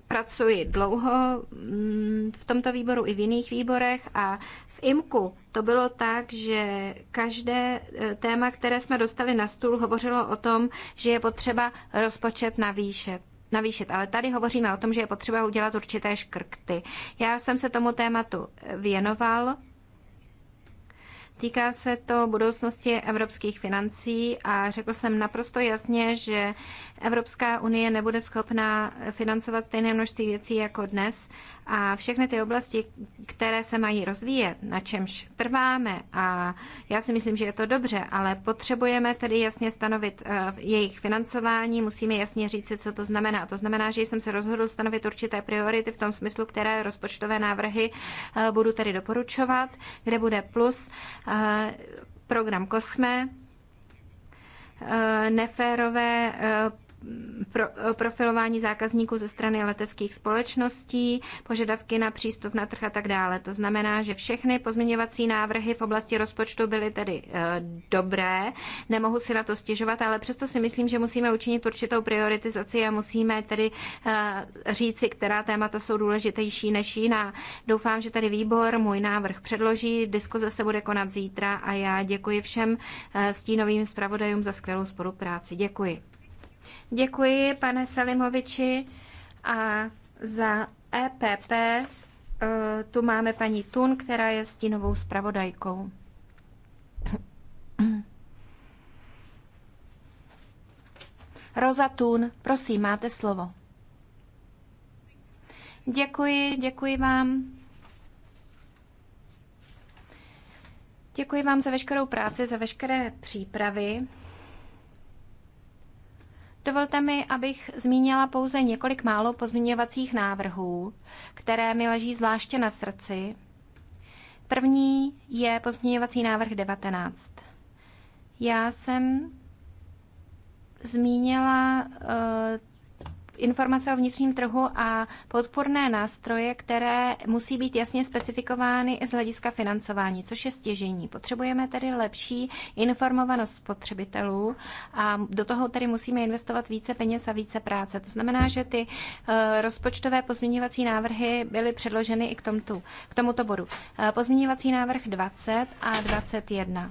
pracuji dlouho mm, v tomto výboru i v jiných výborech a v IMKU to bylo tak, že každé e, téma, které jsme dostali na stůl, hovořilo o tom, že je potřeba rozpočet navýšet navýšit. Ale tady hovoříme o tom, že je potřeba udělat určité škrty. Já jsem se tomu tématu věnoval. Týká se to budoucnosti evropských financí a řekl jsem naprosto jasně, že Evropská unie nebude schopná financovat stejné množství věcí jako dnes a všechny ty oblasti, které se mají rozvíjet, na čemž trváme a já si myslím, že je to dobře, ale potřebujeme tedy jasně stanovit eh, jejich financování, musíme jasně říct, co to znamená. To znamená, že jsem se rozhodl stanovit určité priority v tom smyslu, které rozpočtové návrhy eh, budu tedy doporučovat, kde bude plus eh, program COSME, neférové pro, eh, profilování zákazníků ze strany leteckých společností, požadavky na přístup na trh a tak dále. To znamená, že všechny pozměňovací návrhy v oblasti rozpočtu byly tedy e, dobré, nemohu si na to stěžovat, ale přesto si myslím, že musíme učinit určitou prioritizaci a musíme tedy e, říci, která témata jsou důležitější než jiná. Doufám, že tady výbor můj návrh předloží, diskuze se bude konat zítra a já děkuji všem e, stínovým zpravodajům za skvělou spolupráci. Děkuji. Děkuji, pane Selimoviči. A za EPP e, tu máme paní Tun, která je stínovou zpravodajkou. Roza Tun, prosím, máte slovo. Děkuji, děkuji vám. Děkuji vám za veškerou práci, za veškeré přípravy. Dovolte mi, abych zmínila pouze několik málo pozměňovacích návrhů, které mi leží zvláště na srdci. První je pozměňovací návrh 19. Já jsem zmínila uh, informace o vnitřním trhu a podporné nástroje, které musí být jasně specifikovány z hlediska financování, což je stěžení. Potřebujeme tedy lepší informovanost spotřebitelů a do toho tedy musíme investovat více peněz a více práce. To znamená, že ty eh, rozpočtové pozměňovací návrhy byly předloženy i k, tomuto, k tomuto bodu. Eh, pozměňovací návrh 20 a 21.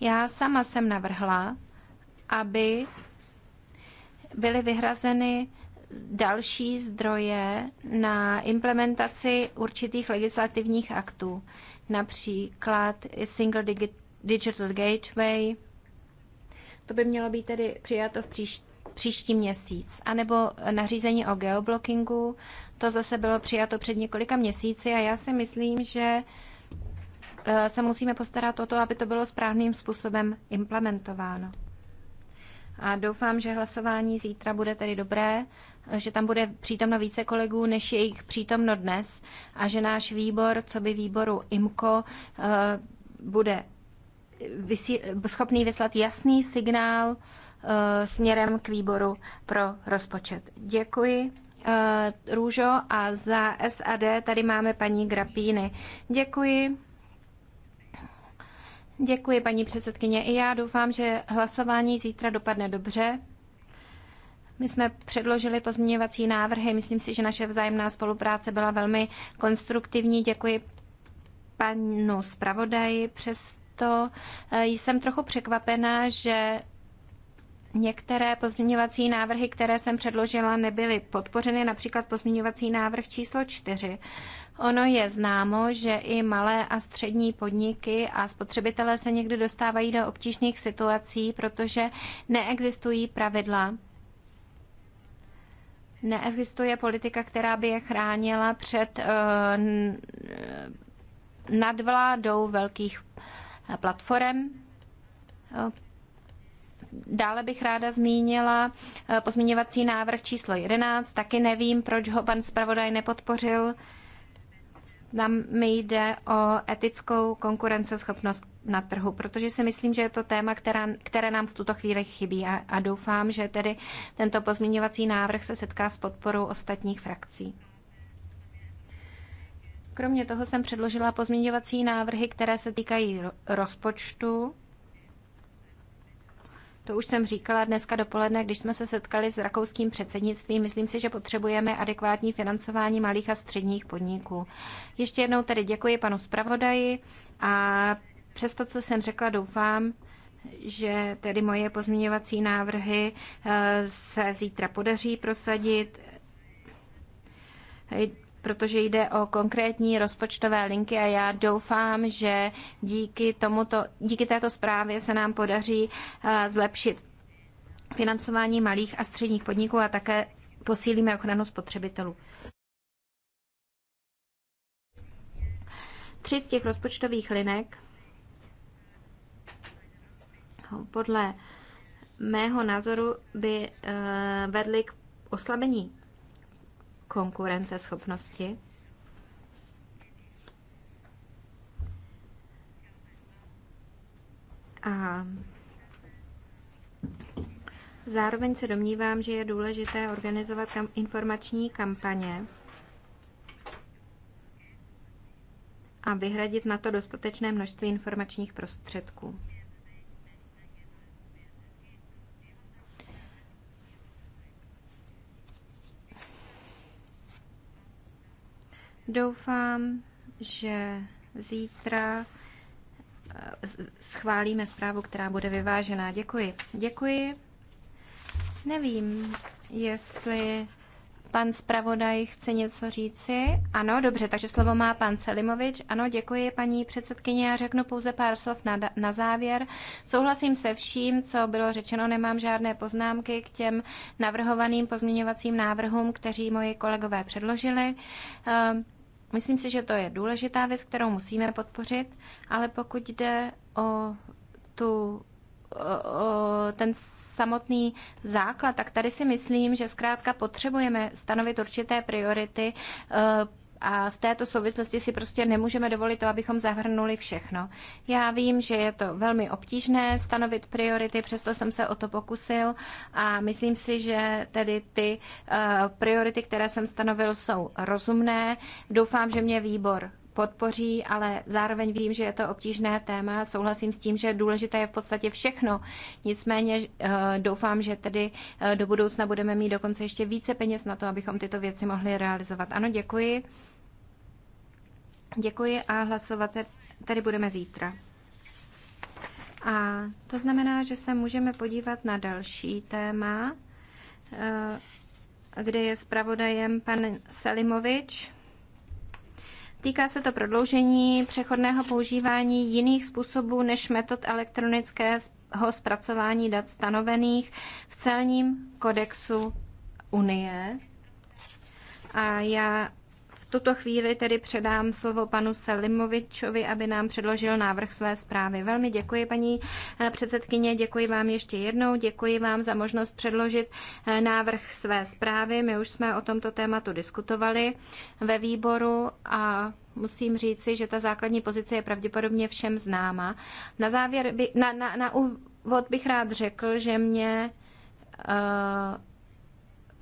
Já sama jsem navrhla, aby byly vyhrazeny další zdroje na implementaci určitých legislativních aktů, například Single Digital Gateway. To by mělo být tedy přijato v příští příští měsíc, nebo nařízení o geoblockingu, to zase bylo přijato před několika měsíci a já si myslím, že eh, se musíme postarat o to, aby to bylo správným způsobem implementováno. A doufám, že hlasování zítra bude tedy dobré, že tam bude přítomno více kolegů, než je jich přítomno dnes a že náš výbor, co by výboru IMKO, eh, bude schopný vyslat jasný signál eh, směrem k výboru pro rozpočet. Děkuji. Eh, Růžo a za SAD tady máme paní Grapíny. Děkuji. Děkuji, paní předsedkyně. I já doufám, že hlasování zítra dopadne dobře. My jsme předložili pozměňovací návrhy. Myslím si, že naše vzájemná spolupráce byla velmi konstruktivní. Děkuji panu zpravodaji. Přesto eh, jsem trochu překvapená, že Některé pozměňovací návrhy, které jsem předložila, nebyly podpořeny, například pozměňovací návrh číslo 4. Ono je známo, že i malé a střední podniky a spotřebitelé se někdy dostávají do obtížných situací, protože neexistují pravidla. Neexistuje politika, která by je chránila před eh, nadvládou velkých eh, platform. Eh, dále bych ráda zmínila pozměňovací návrh číslo 11. Taky nevím, proč ho pan zpravodaj nepodpořil. Nám mi jde o etickou konkurenceschopnost na trhu, protože si myslím, že je to téma, která, které nám v tuto chvíli chybí a, a doufám, že tedy tento pozměňovací návrh se setká s podporou ostatních frakcí. Kromě toho jsem předložila pozměňovací návrhy, které se týkají rozpočtu to už jsem říkala dneska dopoledne, když jsme se setkali s rakouským předsednictvím. Myslím si, že potřebujeme adekvátní financování malých a středních podniků. Ještě jednou tedy děkuji panu zpravodaji a přesto co jsem řekla, doufám, že tedy moje pozměňovací návrhy eh, se zítra podaří prosadit protože jde o konkrétní rozpočtové linky a já doufám, že díky, tomuto, díky této zprávě se nám podaří eh, zlepšit financování malých a středních podniků a také posílíme ochranu spotřebitelů. Tři z těch rozpočtových linek no, podle mého názoru by eh, vedly k oslabení konkurenceschopnosti. A zároveň se domnívám, že je důležité organizovat kam informační kampaně a vyhradit na to dostatečné množství informačních prostředků. Doufám, že zítra eh, schválíme zprávu, která bude vyvážená. Děkuji. Děkuji. Nevím, jestli pan zpravodaj chce něco říci. Ano, dobře, takže slovo má pan Selimovič. Ano, děkuji paní předsedkyně. Já řeknu pouze pár slov na, na závěr. Souhlasím se vším, co bylo řečeno. Nemám žádné poznámky k těm navrhovaným pozměňovacím návrhům, kteří moji kolegové předložili. Uh, Myslím si, že to je důležitá věc, kterou musíme podpořit, ale pokud jde o tu ten samotný základ, tak tady si myslím, že zkrátka potřebujeme stanovit určité priority eh, a v této souvislosti si prostě nemůžeme dovolit to, abychom zahrnuli všechno. Já vím, že je to velmi obtížné stanovit priority, přesto jsem se o to pokusil a myslím si, že tedy ty eh, priority, které jsem stanovil, jsou rozumné. Doufám, že mě výbor podpoří, ale zároveň vím, že je to obtížné téma. Souhlasím s tím, že důležité je v podstatě všechno. Nicméně eh, doufám, že tedy eh, do budoucna budeme mít dokonce ještě více peněz na to, abychom tyto věci mohli realizovat. Ano, děkuji. Děkuji a hlasovat tady budeme zítra. A to znamená, že se můžeme podívat na další téma, eh, kde je zpravodajem pan Selimovič. Týká se to prodloužení přechodného používání jiných způsobů než metod elektronického zpracování dat stanovených v celním kodexu Unie. A já tuto chvíli tedy předám slovo panu Selimovičovi, aby nám předložil návrh své zprávy. Velmi děkuji, paní eh, předsedkyně, děkuji vám ještě jednou, děkuji vám za možnost předložit eh, návrh své zprávy. My už jsme o tomto tématu diskutovali ve výboru a musím říci, že ta základní pozice je pravděpodobně všem známa. Na závěr, by, na, na, na úvod bych rád řekl, že mě uh,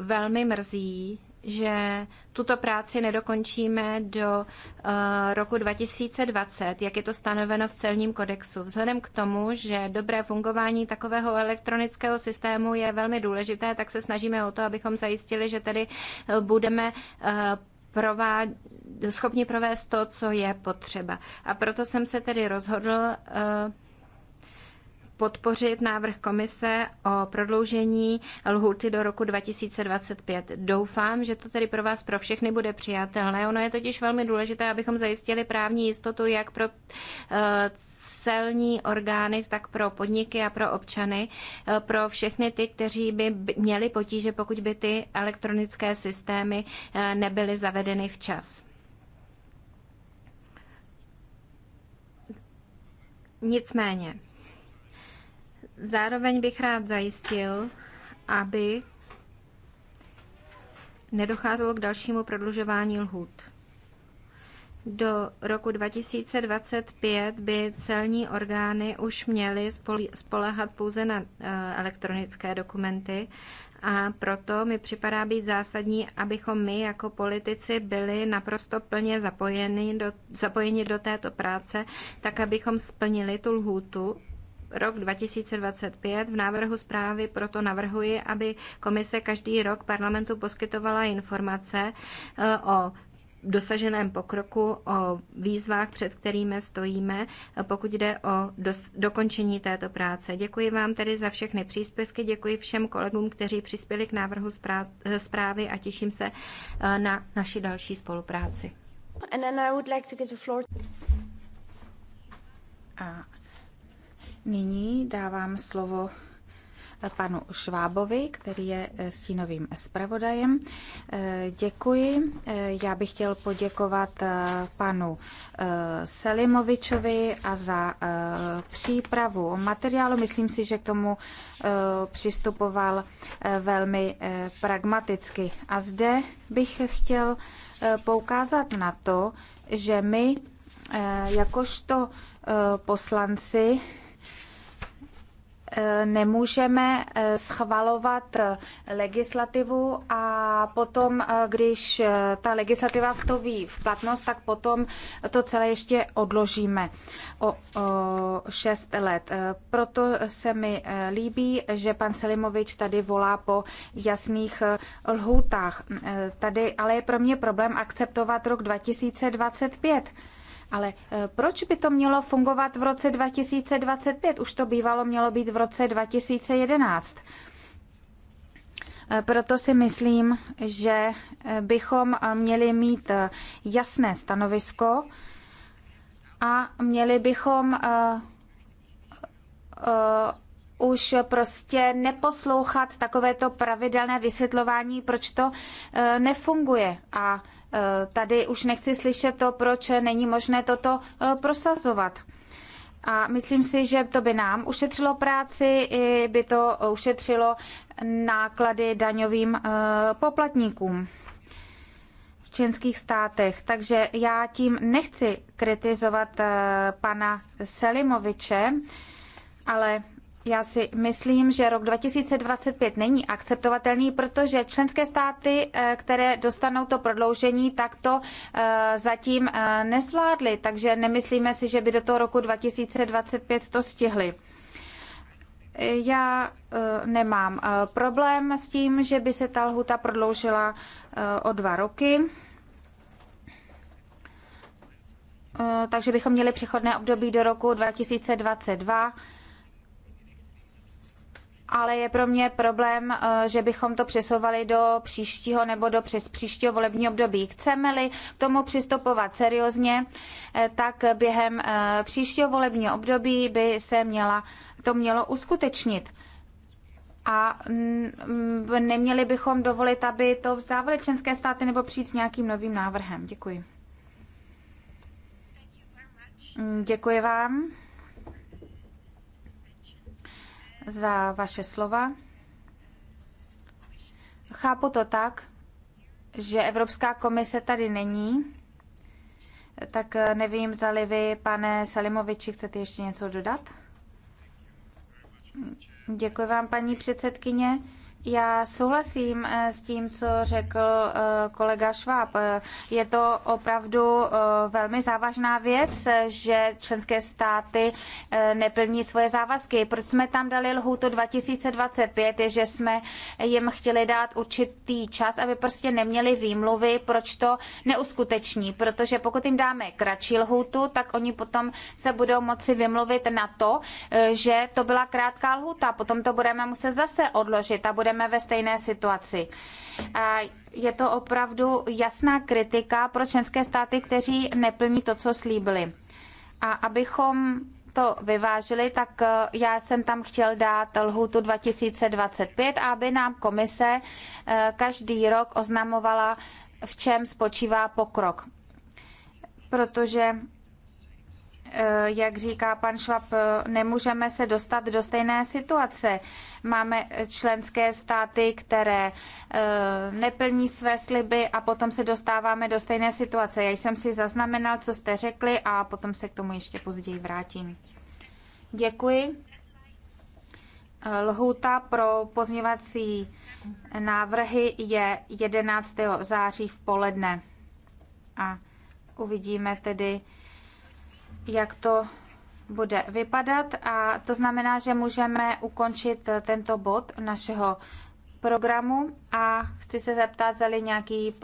velmi mrzí, že tuto práci nedokončíme do eh, roku 2020, jak je to stanoveno v celním kodexu. Vzhledem k tomu, že dobré fungování takového elektronického systému je velmi důležité, tak se snažíme o to, abychom zajistili, že tedy eh, budeme eh, provád, schopni provést to, co je potřeba. A proto jsem se tedy rozhodl podpořit návrh komise o prodloužení lhuty do roku 2025. Doufám, že to tedy pro vás pro všechny bude přijatelné. Ono je totiž velmi důležité, abychom zajistili právní jistotu jak pro eh, celní orgány, tak pro podniky a pro občany, eh, pro všechny ty, kteří by měli potíže, pokud by ty elektronické systémy eh, nebyly zavedeny včas. Nicméně, Zároveň bych rád zajistil, aby nedocházelo k dalšímu prodlužování lhůt. Do roku 2025 by celní orgány už měly spolehat pouze na eh, elektronické dokumenty a proto mi připadá být zásadní, abychom my jako politici byli naprosto plně zapojeni do, zapojeni do této práce, tak abychom splnili tu lhůtu rok 2025. V návrhu zprávy proto navrhuji, aby komise každý rok parlamentu poskytovala informace eh, o dosaženém pokroku, o výzvách, před kterými stojíme, eh, pokud jde o dos- dokončení této práce. Děkuji vám tedy za všechny příspěvky, děkuji všem kolegům, kteří přispěli k návrhu eh, zprávy a těším se na naši další spolupráci. And then I would like to give the floor. Nyní dávám slovo eh, panu Švábovi, který je eh, stínovým zpravodajem. Eh, děkuji. Já bych chtěl poděkovat panu Selimovičovi a za přípravu materiálu. Myslím si, že k tomu přistupoval velmi pragmaticky. A zde bych chtěl poukázat na to, že my jakožto poslanci Eh, nemůžeme eh, schvalovat eh, legislativu a potom, když ta legislativa vstoupí v platnost, tak potom to celé ještě odložíme o, o let. Proto se mi líbí, že pan Selimovič tady volá po jasných lhůtách. Tady ale je pro mě problém akceptovat rok 2025 ale eh, proč by to mělo fungovat v roce 2025? Už to bývalo mělo být v roce 2011. Eh, proto si myslím, že eh, bychom měli mít jasné stanovisko a měli bychom už prostě neposlouchat takovéto pravidelné vysvětlování, proč to nefunguje. A Eh, tady už nechci slyšet to, proč není možné toto eh, prosazovat. A myslím si, že to by nám ušetřilo práci, i by to ušetřilo náklady daňovým eh, poplatníkům v členských státech. Takže já tím nechci kritizovat pana Selimoviče, ale já si myslím, že rok 2025 není akceptovatelný, protože členské státy, eh, které dostanou to prodloužení, tak to eh, zatím eh, nezvládly, takže nemyslíme si, že by do toho roku 2025 to stihly. Já nemám problém s tím, že by se ta lhuta prodloužila o dva roky takže bychom měli přechodné období do roku 2022 ale je pro mě problém, eh, že bychom to přesouvali do příštího nebo do přes příštího volebního období. Chceme-li k tomu přistupovat seriózně, eh, tak během eh, příštího volebního období by se měla, to mělo uskutečnit. A neměli bychom dovolit, aby to vzdávali členské státy nebo přijít s nějakým novým návrhem. Děkuji. Děkuji vám za vaše slova. Chápu to tak, že Evropská komise tady není, tak nevím, zali vy, pane Salimoviči, chcete ještě něco dodat? Děkuji vám, paní předsedkyně. Já souhlasím eh, s tím, co řekl eh, kolega Schwab. Je to opravdu eh, velmi závažná věc, že členské státy neplní svoje závazky. Proč jsme tam dali lhůtu 2025, je, že jsme jim chtěli dát určitý čas, aby prostě neměli výmluvy, proč to neuskuteční. Protože pokud jim dáme kratší lhůtu, tak oni potom se budou moci vymluvit na to, že to byla krátká lhůta. Potom to budeme muset zase odložit a bude budeme ve stejné situaci. A je to opravdu jasná kritika pro členské státy, kteří neplní to, co slíbili. A abychom to vyvážili, tak eh, já jsem tam chtěl dát lhůtu 2025, aby nám komise eh, každý rok oznamovala, v čem spočívá pokrok. Protože Eh, jak říká pan Švab, eh, nemůžeme se dostat do stejné situace. Máme eh, členské státy, které neplní své sliby a potom se dostáváme do stejné situace. Já jsem si zaznamenal, co jste řekli a potom se k tomu ještě později vrátím. Děkuji. Lhůta pro pozměvací návrhy je 11. září v poledne. A uvidíme tedy, jak to bude vypadat a to znamená, že můžeme ukončit tento bod našeho programu a chci se zeptat, zali nějaký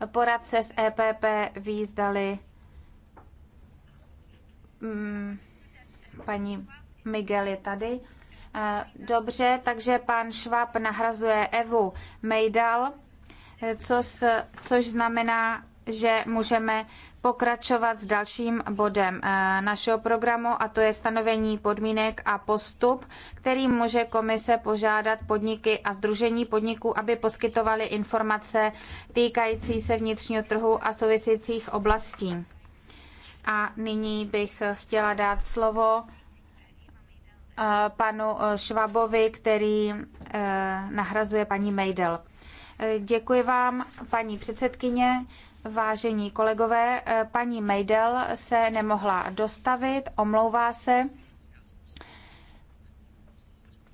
eh, poradce z EPP výzdali mm, paní Miguel je tady. Eh, dobře, takže pan Švab nahrazuje Evu Mejdal, eh, což, což znamená, že můžeme pokračovat s dalším bodem eh, našeho programu a to je stanovení podmínek a postup, který může komise požádat podniky a združení podniků, aby poskytovaly informace týkající se vnitřního trhu a souvisejících oblastí. A nyní bych chtěla dát slovo eh, panu eh, Švabovi, který nahrazuje paní Mejdel. Děkuji vám, paní předsedkyně. Vážení kolegové, eh, paní Mejdel se nemohla dostavit, omlouvá se.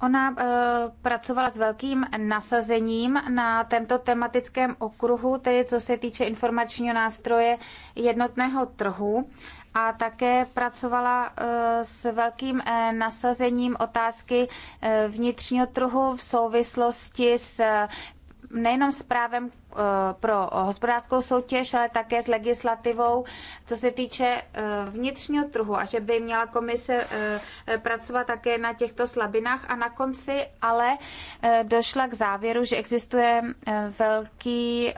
Ona eh, pracovala s velkým nasazením na tento tematickém okruhu, tedy co se týče informačního nástroje jednotného trhu a také pracovala eh, s velkým nasazením otázky vnitřního trhu v souvislosti s nejenom s právem eh, pro hospodářskou soutěž, ale také s legislativou, co se týče eh, vnitřního trhu a že by měla komise eh, pracovat také na těchto slabinách a na konci ale došla k závěru, že existuje velký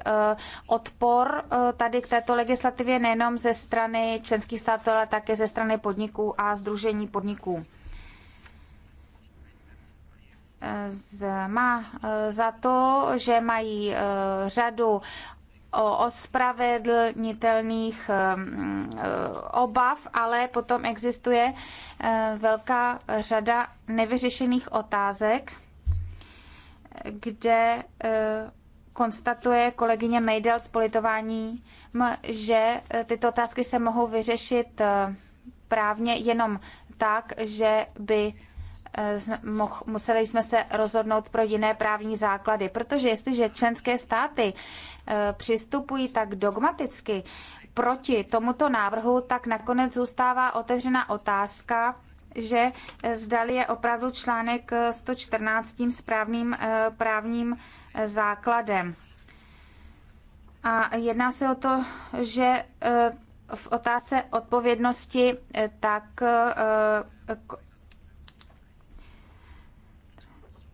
odpor tady k této legislativě nejenom ze strany členských států, ale také ze strany podniků a združení podniků má eh, za to, že mají eh, řadu o ospravedlnitelných eh, obav, ale potom existuje velká řada nevyřešených otázek, kde konstatuje kolegyně Mejdel s politováním, že tyto otázky se mohou vyřešit právně jenom tak, že by Eh, museli jsme se rozhodnout pro jiné právní základy, protože jestliže členské státy eh, přistupují tak dogmaticky proti tomuto návrhu, tak nakonec zůstává otevřena otázka, že eh, zdali je opravdu článek 114 tím správným právním základem. A jedná se o to, že v otázce odpovědnosti tak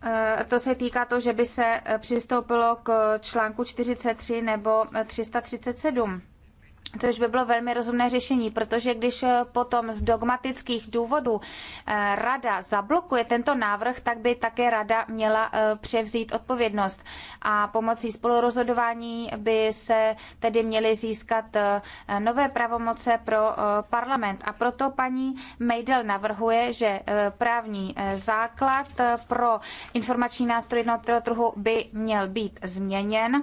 Eh, to se týká toho, že by se eh, přistoupilo k článku 43 nebo 337. Eh, Což by bylo velmi rozumné řešení, protože když eh, potom z dogmatických důvodů eh, rada zablokuje tento návrh, tak by také rada měla eh, převzít odpovědnost. A pomocí spolurozhodování by se tedy měly získat nové pravomoce pro parlament. A proto paní Mejdel navrhuje, že právní základ pro informační nástroj jednotného trhu by měl být změněn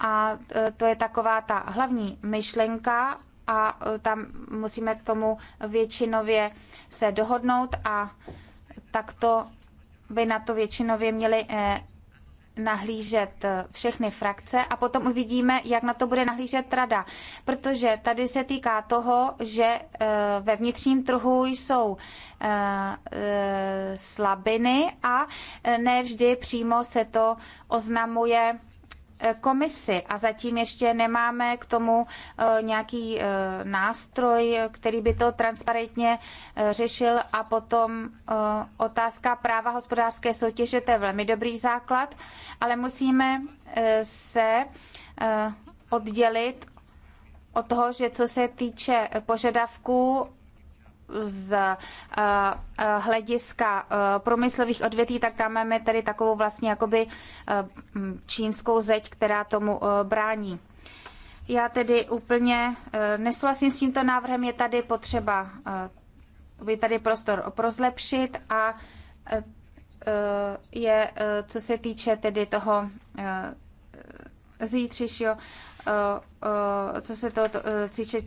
a e, to je taková ta hlavní myšlenka a e, tam musíme k tomu většinově se dohodnout a takto by na to většinově měli e, nahlížet všechny frakce a potom uvidíme, jak na to bude nahlížet rada. Protože tady se týká toho, že ve vnitřním trhu jsou slabiny a ne vždy přímo se to oznamuje Eh, komisi a zatím ještě nemáme k tomu eh, nějaký eh, nástroj, který by to transparentně řešil a potom otázka práva hospodářské soutěže, to je velmi dobrý základ, ale musíme se oddělit od toho, že co se týče požadavků z eh, eh, hlediska eh, průmyslových odvětví, tak tam máme tady takovou vlastně jakoby čínskou zeď, která tomu brání. Já tedy úplně nesouhlasím s tímto návrhem, je tady potřeba, by tady prostor oprozlepšit a je, co se týče tedy toho zítřejšího, co se to týče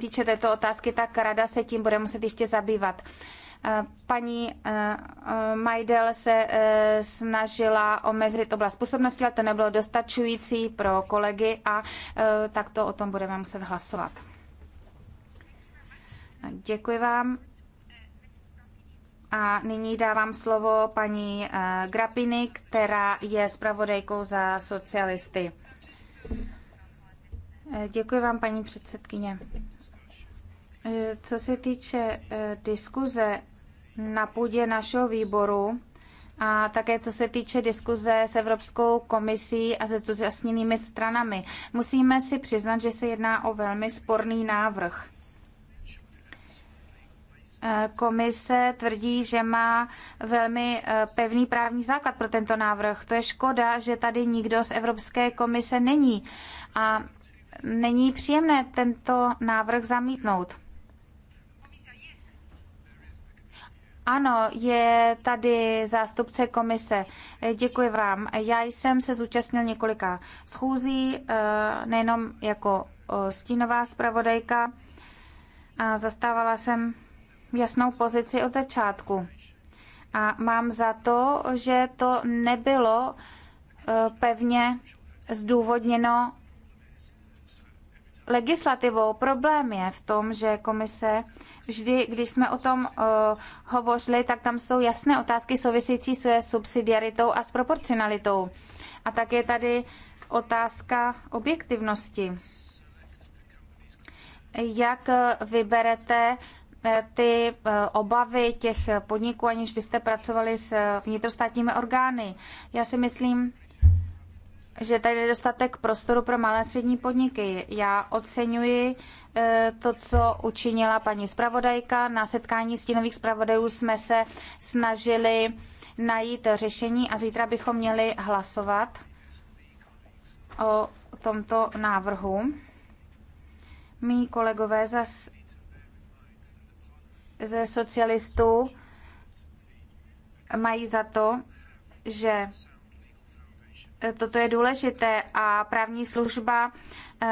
týče této otázky, tak rada se tím bude muset ještě zabývat. Eh, paní eh, Majdel se eh, snažila omezit oblast působnosti, ale to nebylo dostačující pro kolegy a tak to o tom budeme muset hlasovat. Děkuji vám. A nyní dávám slovo paní Grapiny, která je zpravodajkou za socialisty. Eh, děkuji vám, paní předsedkyně. Eh, co se týče eh, diskuze na půdě našeho výboru a také co se týče diskuze s Evropskou komisí a se zúčastněnými stranami, musíme si přiznat, že se jedná o velmi sporný návrh. Komise tvrdí, že má velmi pevný právní základ pro tento návrh. To je škoda, že tady nikdo z Evropské komise není. A není příjemné tento návrh zamítnout. Ano, je tady zástupce komise. Děkuji vám. Já jsem se zúčastnil několika schůzí, eh, nejenom jako eh, stínová zpravodajka. Zastávala jsem jasnou pozici od začátku. A mám za to, že to nebylo eh, pevně zdůvodněno legislativou. Problém je v tom, že komise vždy, když jsme o tom uh, hovořili, tak tam jsou jasné otázky související se subsidiaritou a s proporcionalitou. A tak je tady otázka objektivnosti. Jak eh, vyberete eh, ty obavy těch podniků, aniž byste pracovali s vnitrostátními orgány? Já si myslím, že tady je nedostatek prostoru pro malé a střední podniky. Já oceňuji e, to, co učinila paní zpravodajka. Na setkání stínových zpravodajů jsme se snažili najít řešení a zítra bychom měli hlasovat o tomto návrhu. Mí kolegové ze, ze socialistů mají za to, že Eh, toto je důležité a právní služba eh,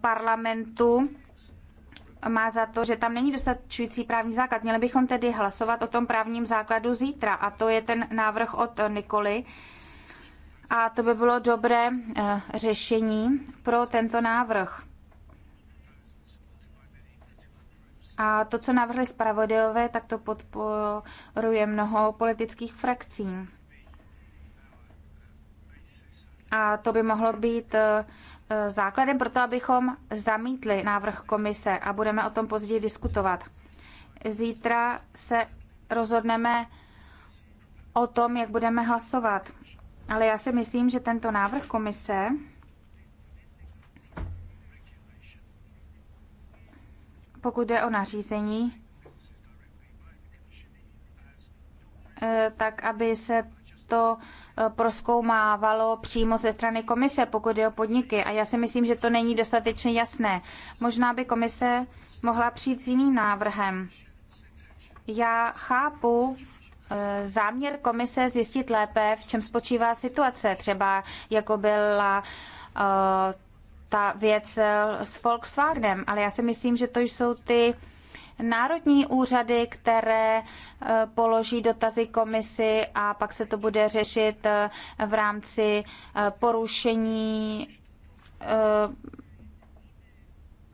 parlamentu má za to, že tam není dostačující právní základ. Měli bychom tedy hlasovat o tom právním základu zítra a to je ten návrh od Nikoli. A to by bylo dobré eh, řešení pro tento návrh. A to, co navrhli zpravodajové, tak to podporuje mnoho politických frakcí. A to by mohlo být eh, eh, základem pro to, abychom zamítli návrh komise a budeme o tom později diskutovat. Zítra se rozhodneme o tom, jak budeme hlasovat. Ale já si myslím, že tento návrh komise pokud jde o nařízení, eh, tak aby se to eh, proskoumávalo přímo ze strany komise, pokud je o podniky. A já si myslím, že to není dostatečně jasné. Možná by komise mohla přijít s jiným návrhem. Já chápu eh, záměr komise zjistit lépe, v čem spočívá situace, třeba jako byla eh, ta věc s Volkswagenem, ale já si myslím, že to jsou ty národní úřady, které eh, položí dotazy komisi a pak se to bude řešit eh, v rámci eh, porušení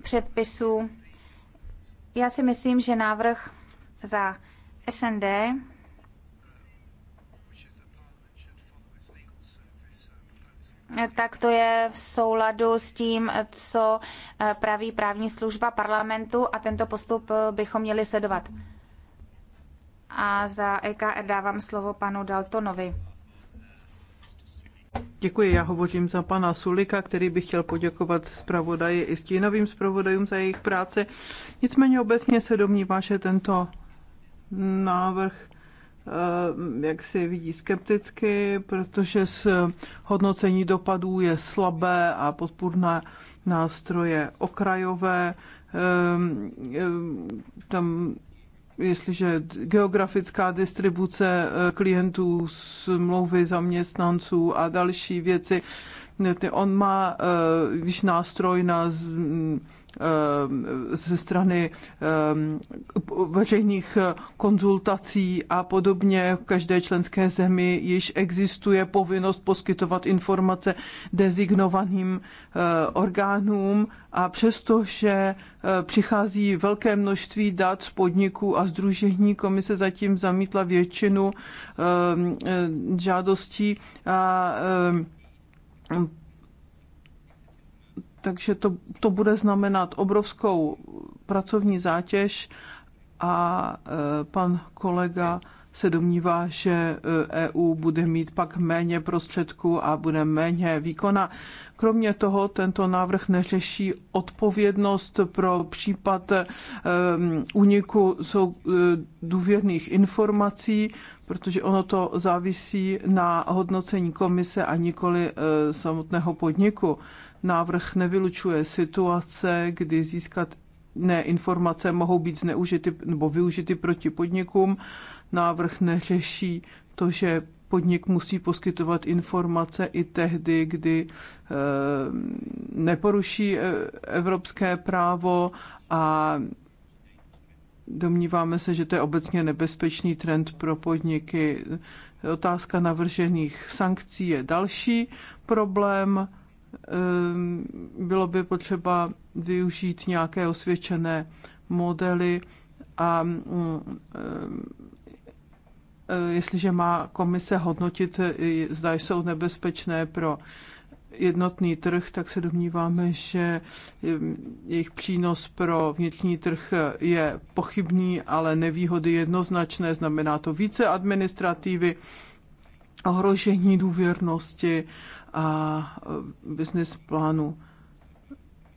předpisů. Já si myslím, že návrh za SND tak to je v souladu s tím, co eh, praví právní služba parlamentu a tento postup eh, bychom měli sledovat. A za EKR dávám slovo panu Daltonovi. Děkuji, já hovořím za pana Sulika, který bych chtěl poděkovat zpravodaji i stínovým zpravodajům za jejich práci. Nicméně obecně se domnívá, že tento návrh Eh, jak si vidí skepticky, protože s hodnocení dopadů je slabé a podpůrné nástroje okrajové. Eh, eh, tam jestliže geografická distribuce klientů, smlouvy zaměstnanců a další věci, on má již nástroj na Eh, ze strany eh, veřejných konzultací a podobně. V každé členské zemi již existuje povinnost poskytovat informace dezignovaným eh, orgánům a přestože přichází velké množství dat z podniků a združení, komise zatím zamítla většinu žádostí a takže to, to bude znamenat obrovskou pracovní zátěž a e, pan kolega se domnívá, že EU e bude mít pak méně prostředků a bude méně výkona. Kromě toho tento návrh neřeší odpovědnost pro případ e, úniku um, důvěrných informací, protože ono to závisí na hodnocení komise a nikoli uh, samotného podniku návrh nevylučuje situace, kdy získat ne informace mohou být zneužity nebo využity proti podnikům. Návrh neřeší to, že podnik musí poskytovat informace i tehdy, kdy eh, neporuší eh, evropské právo a domníváme se, že to je obecně nebezpečný trend pro podniky. Otázka navržených sankcí je další problém Ehm, bylo by potřeba využít nějaké osvědčené modely a mm, ehm, e, jestliže má komise hodnotit, zda jsou nebezpečné pro jednotný trh, tak se domníváme, že ehm, jejich přínos pro vnitřní trh je pochybný, ale nevýhody jednoznačné. Znamená to více administrativy, ohrožení důvěrnosti a e, business plánu.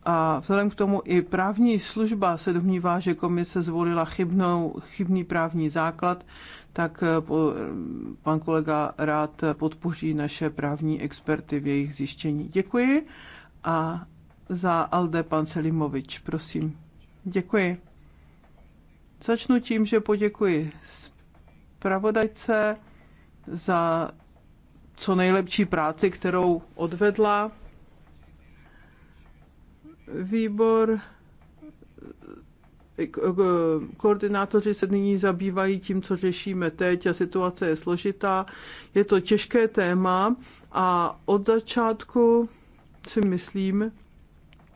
A vzhledem k tomu i právní služba se domnívá, že komise zvolila chybnou, chybný právní základ, tak e, pan kolega rád podpoří naše právní experty v jejich zjištění. Děkuji. A za Alde pan Selimovič, prosím. Děkuji. Začnu tím, že poděkuji zpravodajce za co nejlepší práci, kterou odvedla. Výbor eh, koordinátoři se nyní zabývají tím, co řešíme teď a situace je složitá. Je to těžké téma a od začátku si myslím,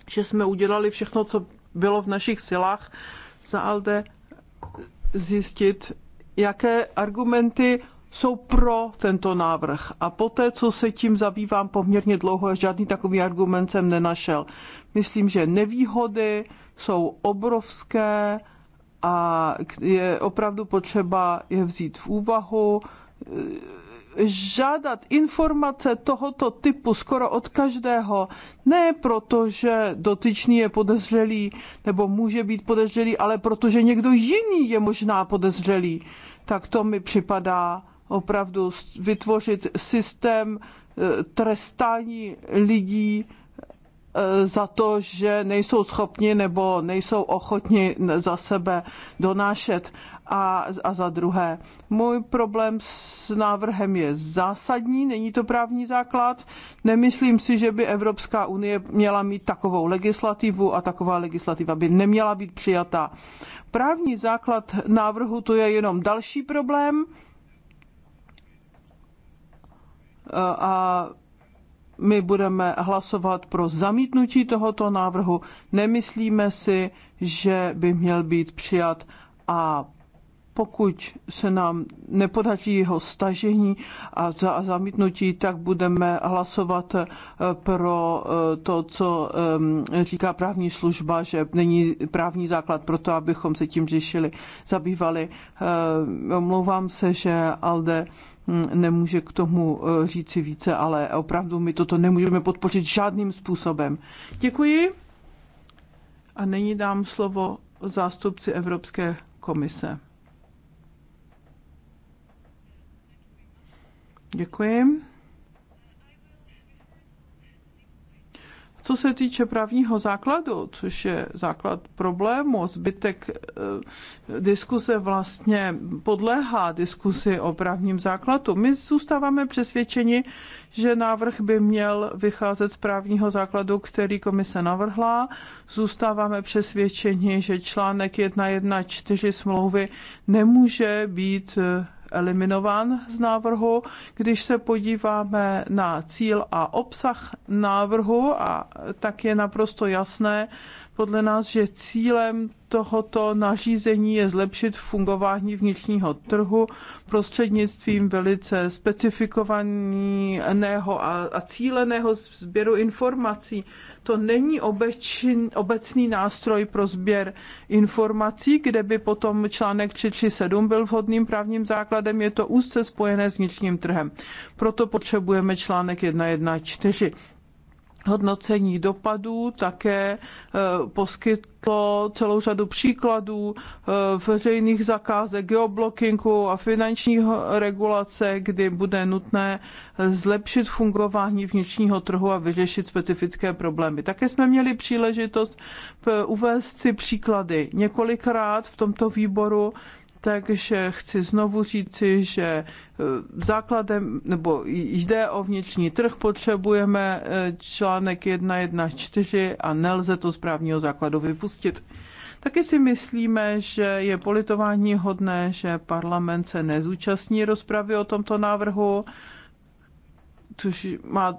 že jsme udělali všechno, co bylo v našich silách za ALDE zjistit, jaké argumenty jsou pro tento návrh. A poté, co se tím zabývám poměrně dlouho, žádný takový argument jsem nenašel. Myslím, že nevýhody jsou obrovské a je opravdu potřeba je vzít v úvahu žádat informace tohoto typu skoro od každého, ne proto, že dotyčný je podezřelý nebo může být podezřelý, ale protože někdo jiný je možná podezřelý, tak to mi připadá opravdu vytvořit systém e, trestání lidí e, za to, že nejsou schopni nebo nejsou ochotni za sebe donášet. A, a za druhé, můj problém s návrhem je zásadní, není to právní základ. Nemyslím si, že by Evropská unie měla mít takovou legislativu a taková legislativa by neměla být přijatá. Právní základ návrhu to je jenom další problém, a my budeme hlasovat pro zamítnutí tohoto návrhu. Nemyslíme si, že by měl být přijat a pokud se nám nepodaří jeho stažení a, za, zamítnutí, tak budeme hlasovat eh, pro eh, to, co ehm, říká právní služba, že není právní základ pro to, abychom se tím řešili, zabývali. Eh, omlouvám se, že Alde Hm, nemůže k tomu eh, říci více, ale opravdu my toto nemůžeme podpořit žádným způsobem. Děkuji. A nyní dám slovo zástupci Evropské komise. Děkuji. Co se týče právního základu, což je základ problému, zbytek eh, diskuse vlastně podléhá diskusi o právním základu. My zůstáváme přesvědčeni, že návrh by měl vycházet z právního základu, který komise navrhla. Zůstáváme přesvědčeni, že článek 1.1.4 smlouvy nemůže být eh, eliminován z návrhu. Když se podíváme na cíl a obsah návrhu, a tak je naprosto jasné, podle nás, že cílem tohoto nařízení je zlepšit fungování vnitřního trhu prostřednictvím velice specifikovaného a, a cíleného sběru informací. To není obečin, obecný nástroj pro sběr informací, kde by potom článek 337 byl vhodným právním základem. Je to úzce spojené s vnitřním trhem. Proto potřebujeme článek 114 hodnocení dopadů také eh, poskytlo celou řadu příkladů eh, veřejných zakázek, geoblockingu a finanční regulace, kdy bude nutné zlepšit fungování vnitřního trhu a vyřešit specifické problémy. Také jsme měli příležitost eh, uvést si příklady několikrát v tomto výboru takže chci znovu říci, že eh, základem, nebo jde o vnitřní trh, potřebujeme eh, článek 1.1.4 a nelze to z právního základu vypustit. Taky si myslíme, že je politování hodné, že parlament se nezúčastní rozpravy o tomto návrhu, což má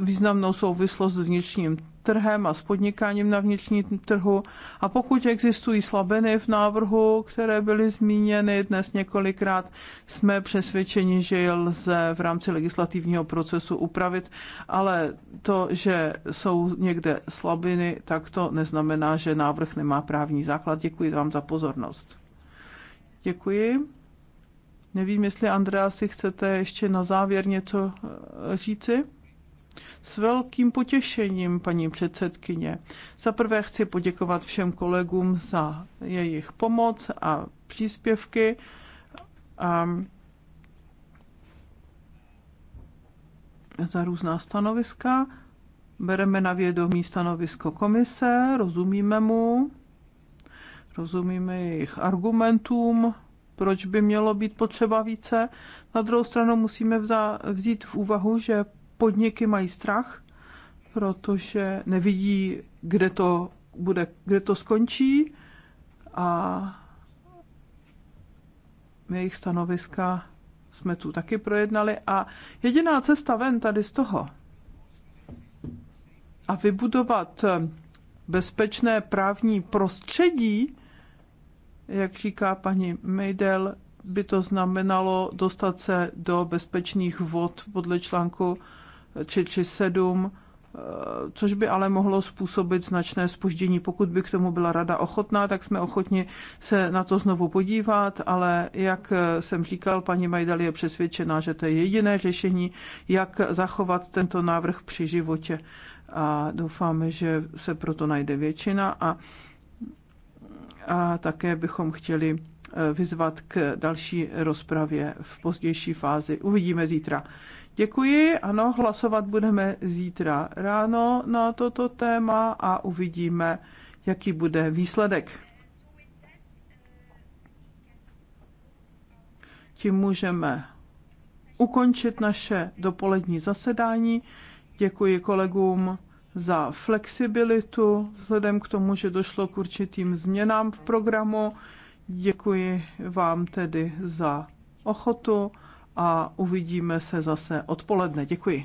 významnou souvislost s vnitřním trhem a s podnikáním na vnitřním trhu. A pokud existují slabiny v návrhu, které byly zmíněny dnes několikrát, jsme přesvědčeni, že je lze v rámci legislativního procesu upravit, ale to, že jsou někde slabiny, tak to neznamená, že návrh nemá právní základ. Děkuji vám za pozornost. Děkuji. Nevím, jestli Andrea si chcete ještě na závěr něco eh, říci. S velkým potěšením, paní předsedkyně. Za prvé chci poděkovat všem kolegům za jejich pomoc a příspěvky. A za různá stanoviska. Bereme na vědomí stanovisko komise, rozumíme mu, rozumíme jejich argumentům, proč by mělo být potřeba více. Na druhou stranu musíme vzít v úvahu, že podniky mají strach, protože nevidí, kde to bude, kde to skončí a jejich stanoviska jsme tu taky projednali a jediná cesta ven tady z toho a vybudovat eh, bezpečné právní prostředí, jak říká paní Meidel, by to znamenalo dostat se do bezpečných vod podle článku či, či 7, eh, což by ale mohlo způsobit značné spoždění. Pokud by k tomu byla rada ochotná, tak jsme ochotni se na to znovu podívat, ale jak eh, jsem říkal, paní Majdal je přesvědčená, že to je jediné řešení, jak zachovat tento návrh při životě. A doufáme, že se proto najde většina a, a také bychom chtěli eh, vyzvat k další rozpravě v pozdější fázi. Uvidíme zítra. Děkuji, ano, hlasovat budeme zítra ráno na toto téma a uvidíme, jaký bude výsledek. Tím můžeme ukončit naše dopolední zasedání. Děkuji kolegům za flexibilitu, vzhledem k tomu, že došlo k určitým změnám v programu. Děkuji vám tedy za ochotu a uvidíme se zase odpoledne. Děkuji.